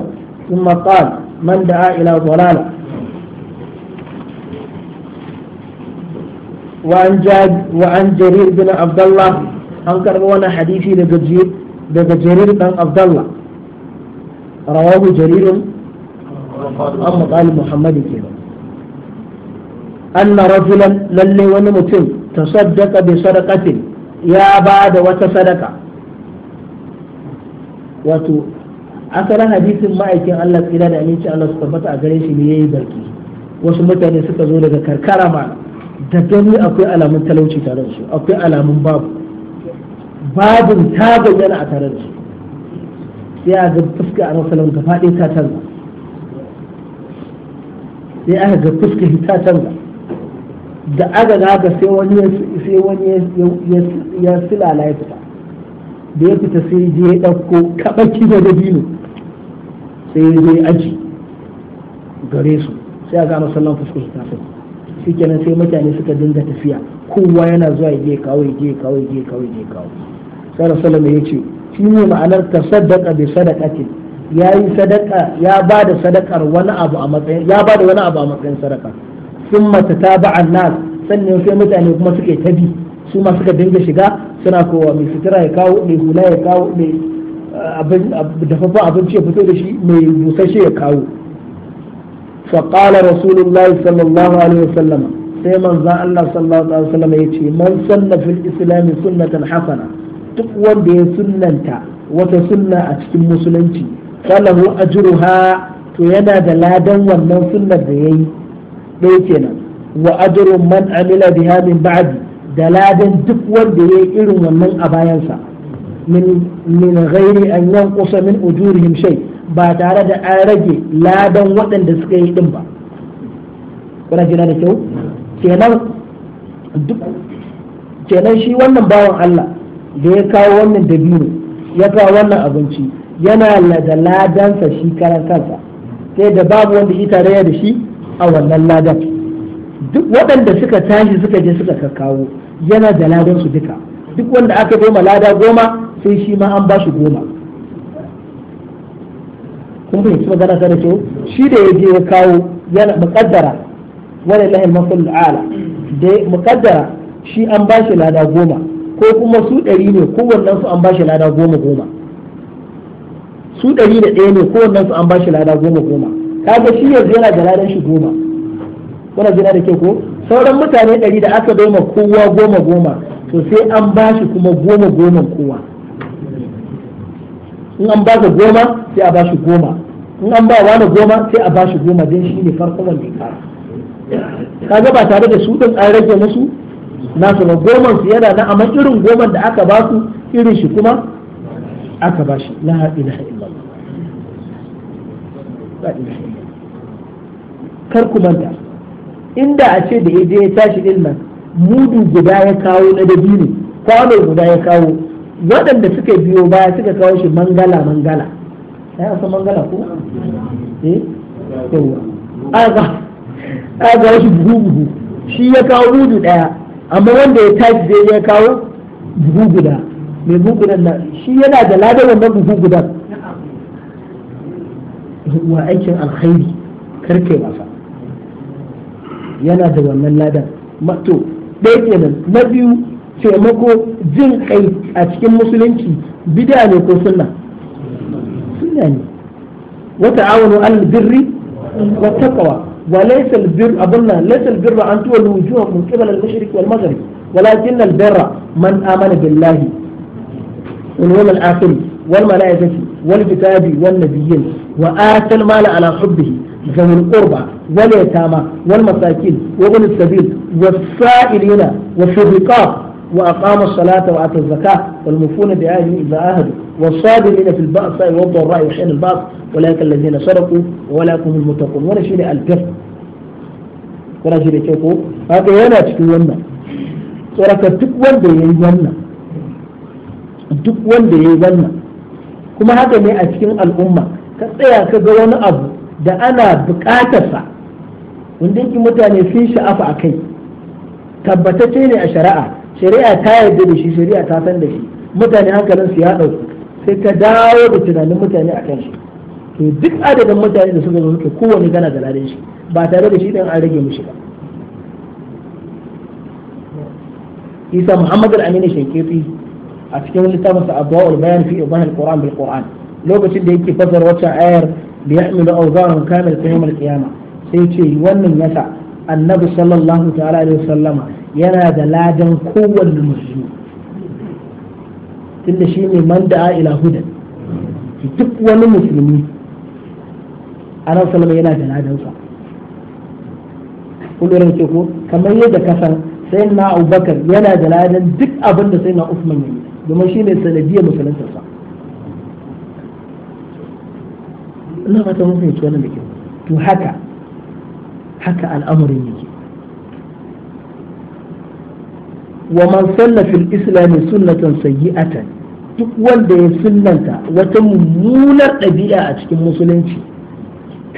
[SPEAKER 1] ثم قال من دعا إلى ضلالة وعن جاد وعن جرير بن عبد الله أنكر وانا حديثي لجرير لجرير بن عبد الله رواه جرير
[SPEAKER 2] an maƙalin
[SPEAKER 1] muhammadu ke anna rajulan lalle wani mutum ta saddaka bi sadaqatin ya ba da wata sadaka wato asalin hadisin ma'aikin Allah tsira da aminci Allah su tabbata a gare shi ne yayi barki wasu mutane suka zo daga karkara ma da gani akwai alamun talauci tare da su akwai alamun babu babun ta bayyana a tare da su sai a ga fuska a rasulun gaba ɗaya ta canza sai aka ga fuska ta canza da aka ga sai wani sai wani ya silala ya fita da ya fita sai je ya ɗauko kaɓaki da dabino sai ya je aji gare su sai a gano sallan fuska ta canza shi kenan sai mutane suka dinga tafiya kowa yana zuwa ya je kawo ya je kawo ya je kawo ya je kawo sai sallan ya ce shi ne ma'anar tasaddaqa bi sadaqatin ya yi sadaka ya ba da sadakar wani abu a matsayin ya ba da wani abu a matsayin sadaka sun mata ta ba nas sannan sai mutane kuma suke tabi su ma suka dinga shiga suna kowa mai sutura ya kawo mai hula ya kawo mai eh, dafaffen abinci ya fito da shi mai busasshe ya kawo فقال رسول sallallahu alaihi الله عليه sai سيما allah sallallahu alaihi الله عليه وسلم يتي من سن في الإسلام duk wanda ya sunnanta wata sunna a cikin musulunci falahu ajruha to yana da ladan wannan sunnar da yayi dai kenan wa ajru man amila biha min ba'di da ladan duk wanda yayi irin wannan a bayansa min min ghairi an yanqusa min ujurihim shay ba tare da an rage ladan waɗanda suka yi din ba kuna jira da kyau kenan duk kenan shi wannan bawan Allah da ya kawo wannan dabino ya kawo wannan abinci yana da ladansa shi karan kansa sai da babu wanda shi tare da shi a wannan ladan duk waɗanda suka tashi suka je suka kakkawo yana da ladansu duka duk wanda aka goma lada goma sai shi ma an ba shi goma kun fahimci magana ta da kyau shi da ya je ya kawo yana muƙaddara wani lahin masul ala da muƙaddara shi an ba shi lada goma ko kuma su ɗari ne kowannensu an ba shi lada goma goma su ɗari da ɗaya ne kowannen su an ba shi lada goma goma kaga shi yanzu yana da ladan shi goma wannan jina da ke ko sauran mutane ɗari da aka bai ma kowa goma goma to sai an ba shi kuma goma goma kowa in an ba ka goma sai a ba shi goma in an ba wani goma sai a ba shi goma don shi ne farko wanda
[SPEAKER 2] ya kara kaga ba
[SPEAKER 1] tare da su ɗin an rage musu nasu na goman su yana na amma irin goman da aka ba su irin shi kuma aka ba shi la ilaha kar ku manta inda a ce da je ya tashi din nan mudu guda ya kawo na ne kwano guda ya kawo waɗanda suka biyo baya suka kawo shi mangala mangala ya an san mangala ko eh yawa aga aga shi buhu buhu shi ya kawo mudu ɗaya amma wanda ya tashi zai ya kawo buhu guda mai buhu gudan nan shi yana da ladan wannan buhu gudan wa aikin alkhairi karkai wasa yana da wannan ladan mato, ɗaya kenan na biyu taimako jin kai a cikin musulunci bid'a ne ko sunna sunna ne wata awonu alal birri wa taqwa wa laysa al birr abunna laysa al birra an tuwallu wujuhakum min qibal al mashriq wal maghrib walakin al birra man amana billahi wal yawm al akhir wal malaikati wal kitabi wan nabiyyin wa atal mala ala hubbihi ذوي القربى واليتامى والمساكين وابن السبيل والسائلين وفي الرقاب وأقام الصلاة وآتى الزكاة والمفون بعهدهم إذا عاهدوا والصابرين في البأس والضراء وحين البأس أولئك الذين صدقوا وأولئك هم المتقون ولا شيء البر ولا شيء كيكو هذا هنا تكون ورك duk wanda ya yi wannan duk wanda ya yi wannan kuma haka ne a cikin al'umma ka tsaya ka ga wani abu da ana buƙatarsa wanda yake mutane sun sha'afa a kai tabbatacce ne a shari'a shari'a ta yarda da shi shari'a ta san da shi mutane hankalin su ya ɗauku sai ka dawo da tunanin mutane a kan shi to duk adadin mutane da suka zo suke kowane gana da ladan shi ba tare da shi ɗin an rage mishi ba isa muhammadu al amini a cikin littafin sa abwaul bayan fi ibahil qur'an bil qur'an lokacin da yake fasar waccan ayar bi yahmilu awzarun kamil fi yawm al qiyama sai ce wannan yasa annabi sallallahu ta'ala alaihi wasallama yana da ladan kowanne musulmi tunda shi ne man da'a ila hudan duk wani musulmi annabi sallallahu yana da ladan sa kullum ke ko kamar yadda kasan sai na abubakar yana da ladan duk abin da sai na usman yi domin shi ne sanadiyar musuluntarsa ina fata mun fahimci wannan da kyau to haka haka al'amarin yake wa man sanna fil islami sunnatan sayyi'atan duk wanda ya sunnanta wata mummunar ɗabi'a a cikin musulunci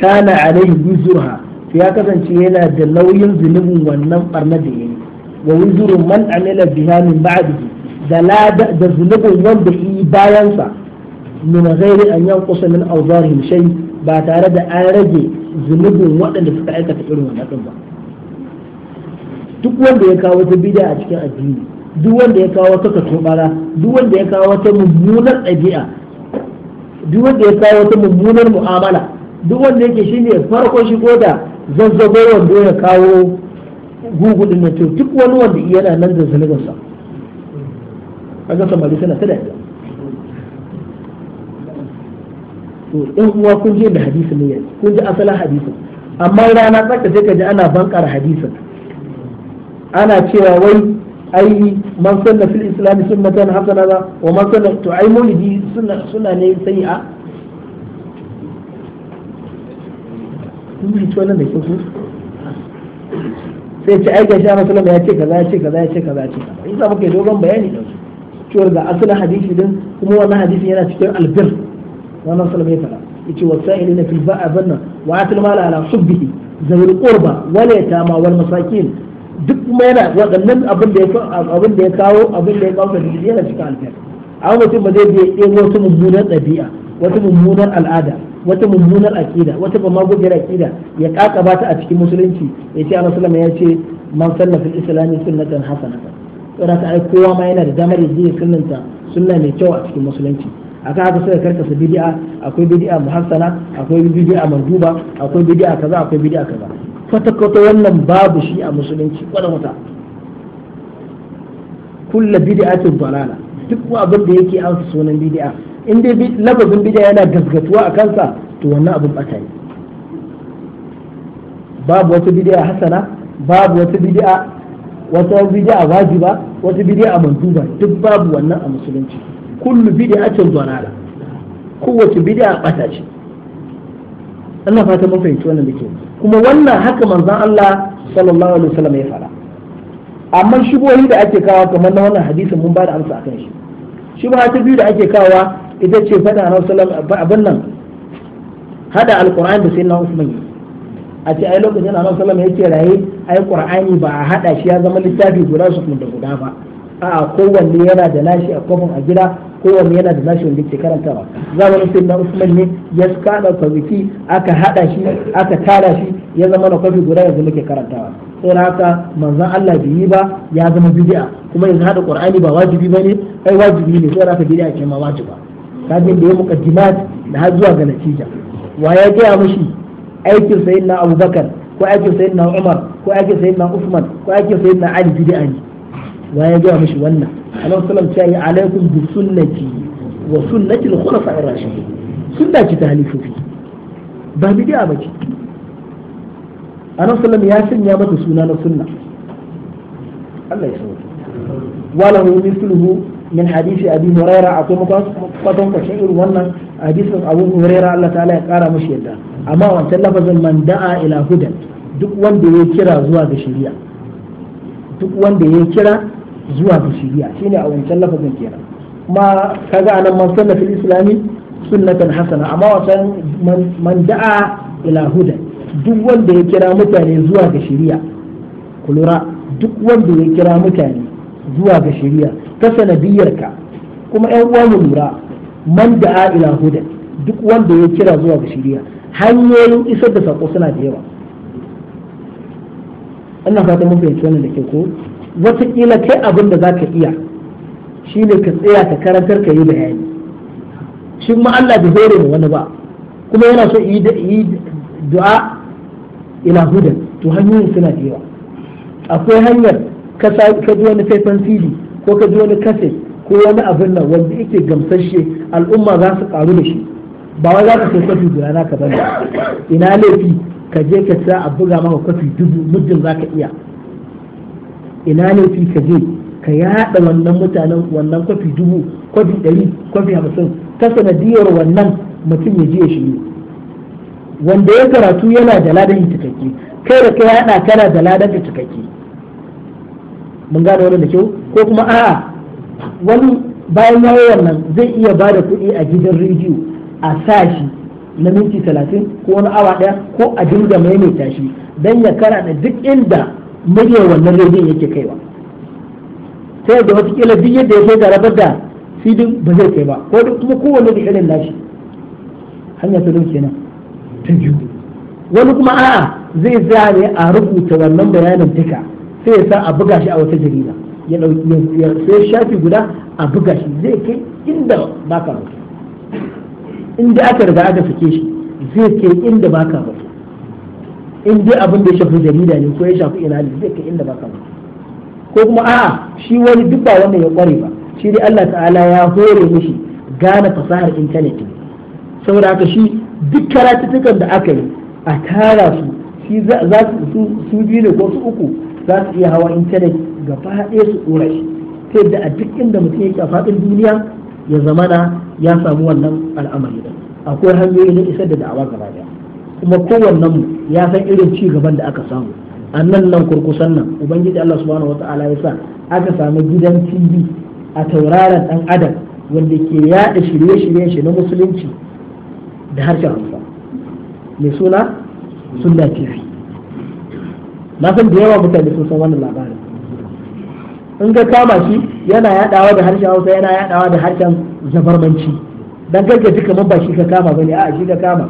[SPEAKER 1] kana alaihi wizurha to ya kasance yana da nauyin zunubin wannan barnar da yayi wa wizuru man amila biha min ba'dihi da da zunubin wanda yi bayansa min ghairi an yanqusa min awzarihim shay ba tare da an rage zunubin waɗanda suka aikata irin wannan din ba duk wanda ya kawo ta bid'a a cikin addini duk wanda ya kawo ta katobara duk wanda ya kawo ta mummunar ɗabi'a duk wanda ya kawo ta mummunar mu'amala duk wanda yake shine farko shigo da zazzago wanda ya kawo gugu din to duk wani wanda yana nan da zunubinsa kaga samari tana ta dariya to ɗan uwa kun je da hadisin ne yanzu kun ji asalin hadisin amma rana tsaka sai kaje ana bankar hadisin ana cewa wai ai man sanna fil islam sunnatan hasana wa man sanna to ai maulidi sunna sunna ne sai a kun ji to nan da kyau sai ce ai ga shi Rasulullah ya ce kaza ya ce kaza ya ce kaza ya ce kaza in za mu kai dogon bayani da su cewa ga asalin hadisi din kuma wannan hadisi yana cikin albir wannan salama ya fada yace wasa'ilina fil ba'abanna wa atil mala ala hubbihi zawil qurba wal yatama wal masakin duk kuma yana waɗannan abin da ya abin da ya kawo abin da ya kawo da yana cikin albir amma mutum ba zai je ɗebo wata mummunar ɗabi'a wata mummunar al'ada wata mummunar akida wata ba magogiyar akida ya kakaba ta a cikin musulunci ya ce a musulma ya ce man sanna fil islami sunnatan hasanatan saboda ka ai kowa ma yana da damar ya je sunnanta sunna mai kyau a cikin musulunci akan haka suka karkasa bid'a akwai bid'a muhassana akwai bid'a manduba akwai bid'a kaza akwai bid'a kaza kwata kwata wannan babu shi a musulunci kwata kwata kullu bid'atin dalala duk abin da yake an sunan bid'a in dai lafazin bid'a yana gasgatuwa a kansa to wannan abin bata ne babu wata bid'a hasana babu wata bid'a wata bid'a wajiba wata bid'a manduba duk babu wannan a musulunci kullu bid'atin dalala kowace bid'a bata ce ina fata mun fahimci wannan dake kuma wannan haka manzon Allah sallallahu alaihi wasallam ya fara amma shubuhoyi da ake kawo kamar na wannan hadisin mun ba da amsa akan shi shubha ta biyu da ake kawo ita ce fada na sallam abin nan hada alquran da sayyidina Usman a ce ai lokacin annabi sallallahu alaihi wasallam yake raye ai qur'ani ba a hada shi ya zama littafi guda su da guda ba a kowanne yana da nashi a kofin a gida kowanne yana da nashi wanda ke karantawa zamanin sai na usman ne ya kada kwamiti aka hada shi aka tara shi ya zama na kofi guda yanzu muke karantawa sai haka manzon Allah bai yi ba ya zama bid'a kuma yanzu hada qur'ani ba wajibi bane ai wajibi ne sai haka bid'a ce ma wajiba kaje da ya muqaddimat da har zuwa ga natija wa ya gaya mushi aikin sayyidina abubakar ko aikin na umar ko aikin na usman ko aikin na ali bid'a ne wa ya gaya mishi wannan annabi sallallahu alaihi yi alaikum bi sunnati wa sunnati al-khulafa'i ar-rashidin sunna ce ta halifofi ba bid'a ba ce annabi sallallahu ya sanya mata suna na sunna Allah ya sauke walahu mithluhu من حديث أبي هريرة أقول مقاس قطن قشعر وانا حديث أبو هريرة الله تعالى قال مشي الله amma wancan lafazin man da'a ila hudan duk wanda ya kira zuwa ga shari'a duk wanda ya kira zuwa ga shari'a shine a wancan lafazin kira kuma kaga anan man sunna fil islami sunnatan hasana amma wancan man da'a ila hudan duk wanda ya kira mutane zuwa ga shari'a kulura duk wanda ya kira mutane zuwa ga shari'a ta sanadiyarka kuma yan uwa mu lura man da'a ila hudan duk wanda ya kira zuwa ga shari'a hanyoyin isar da sako suna da yawa ina fata mun fahimci wannan da ke ko wataƙila kai abin da za ka iya shi ne ka tsaya ka karantar ka yi bayani shi ma Allah bai hore mu wani ba kuma yana so yi du'a ila hudan to hanyoyin suna da yawa akwai hanyar ka ji wani faifan fili ko ka ji wani kase ko wani abin nan wanda yake gamsashe al'umma za su karu da shi ba wai za ka sai kwafi guda na ka bane ina laifi ka je ka sa a buga maka kwafi dubu muddin za ka iya ina laifi ka je ka yada wannan mutanen wannan kwafi dubu kwafi dari kwafi hamsin ta sanadiyar wannan mutum ya je ya shigo wanda ya karatu yana da ladan cikakke kai da kai yaɗa kana da ladan cikakke mun gane wani da kyau ko kuma a'a wani bayan yayi wannan zai iya ba da kuɗi a gidan rediyo a sashi na minti talatin ko wani awa ɗaya ko a dinga maimaita shi don ya da duk inda muryar wannan rediyon yake kaiwa sai da watakila duk yadda ya kai da rabar da fidin ba zai kai ba ko duk kuma kowane da irin nashi hanya ta don kenan ta biyu wani kuma a'a zai tsaya a rubuta wannan bayanin duka sai ya sa a buga shi a wata jarida ya ɗauki ya shafi guda a buga shi zai kai inda ba ka in aka riga aka sake shi zai kai inda baka ba in dai abin da ya shafi jarida ne ko ya shafi ina ne zai kai inda baka ba ko kuma a'a shi wani duk ba wanda ya kware ba shi dai Allah ta'ala ya hore mishi gane fasahar intanet ne saboda haka shi duk karatutukan da aka yi a tara su shi za su su biyu ne ko su uku za su iya hawa intanet ga ɗaya su ɗora shi ta yadda a duk inda mutum yake a faɗin duniya ya zamana ya samu wannan al'amari da akwai hanyoyi na isar da da'awa gaba daya kuma kowannen ya san irin ci gaban da aka samu a nan nan kurkusan nan ubangiji Allah subhanahu wata'ala ya sa aka samu gidan TV a tauraron dan adam wanda ke yada shirye-shiryen shi na musulunci da harshen Hausa mai suna sunna TV na san da yawa mutane sun san wannan labarin in ga kama shi yana yadawa da harshen hausa yana yadawa da harshen zabarmanci dan kai duka mun kamar ba shi ka kama bane a'a shi ka kama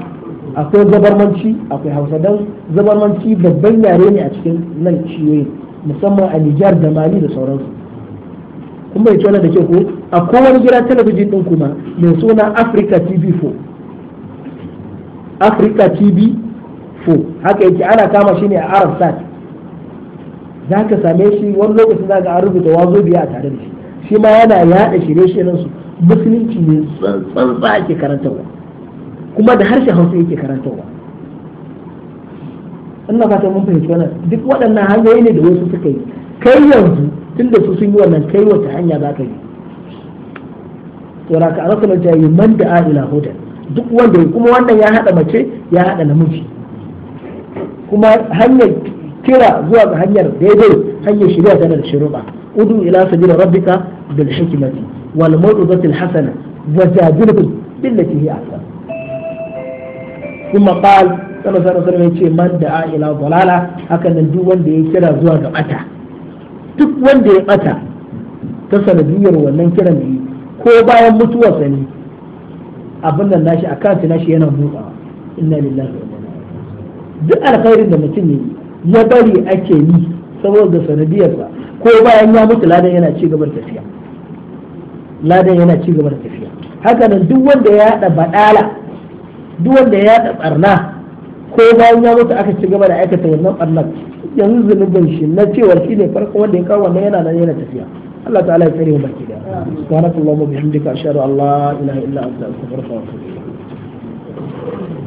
[SPEAKER 1] akwai zabarmanci akwai hausa dan zabarmanci babban yare ne a cikin nan ciyoyi musamman a Nijar da Mali da sauransu kun bai tona da ke ko a kowane gidan talabijin din kuma mai suna Africa TV 4 Africa TV 4 haka yake ana kama shi ne a Arab za ka same shi wani lokacin za ka an rubuta wazo biya a tare da shi shi ma yana yaɗa shirye-shiryen su musulunci ne tsantsa ake karantarwa kuma da harshen hausa yake karantarwa ina fata mun fahimci wannan duk waɗannan hanyoyi ne da wasu suka yi kai yanzu tun da su sun yi wannan kai wata hanya za ka yi tsoraka ka arasala mace yi man da ila hotel duk wanda kuma wannan ya haɗa mace ya haɗa namiji kuma hanyar kira zuwa ga hanyar daidai hanyar shirya tana da shiruba udu ila sabila rabbika bil hikmati wal mawdudati al hasana wa jadilhum billati hi ahsan kuma qal sama sana sana mai ce man da'a ila dalala hakan nan duk wanda ya kira zuwa ga bata duk wanda ya bata ta sanadiyar wannan kiran da ko bayan mutuwar sani abin nan nashi akan nashi yana buɗawa inna lillahi wa inna ilaihi duk alkhairin da mutum ne ya bari ake yi saboda sanadiyarsa ko bayan ya mutu ladan yana ci gaba da tafiya ladan yana ci gaba da tafiya haka nan duk wanda ya da badala duk wanda ya da barna ko bayan ya mutu aka ci gaba da aikata wannan barnar yanzu zunubin shi na cewa shi ne farko wanda ya kawo wannan yana nan yana tafiya Allah ta'ala ya tsare mu baki da wa
[SPEAKER 2] bihamdika ashhadu an la ilaha illa anta astaghfiruka wa atubu ilayk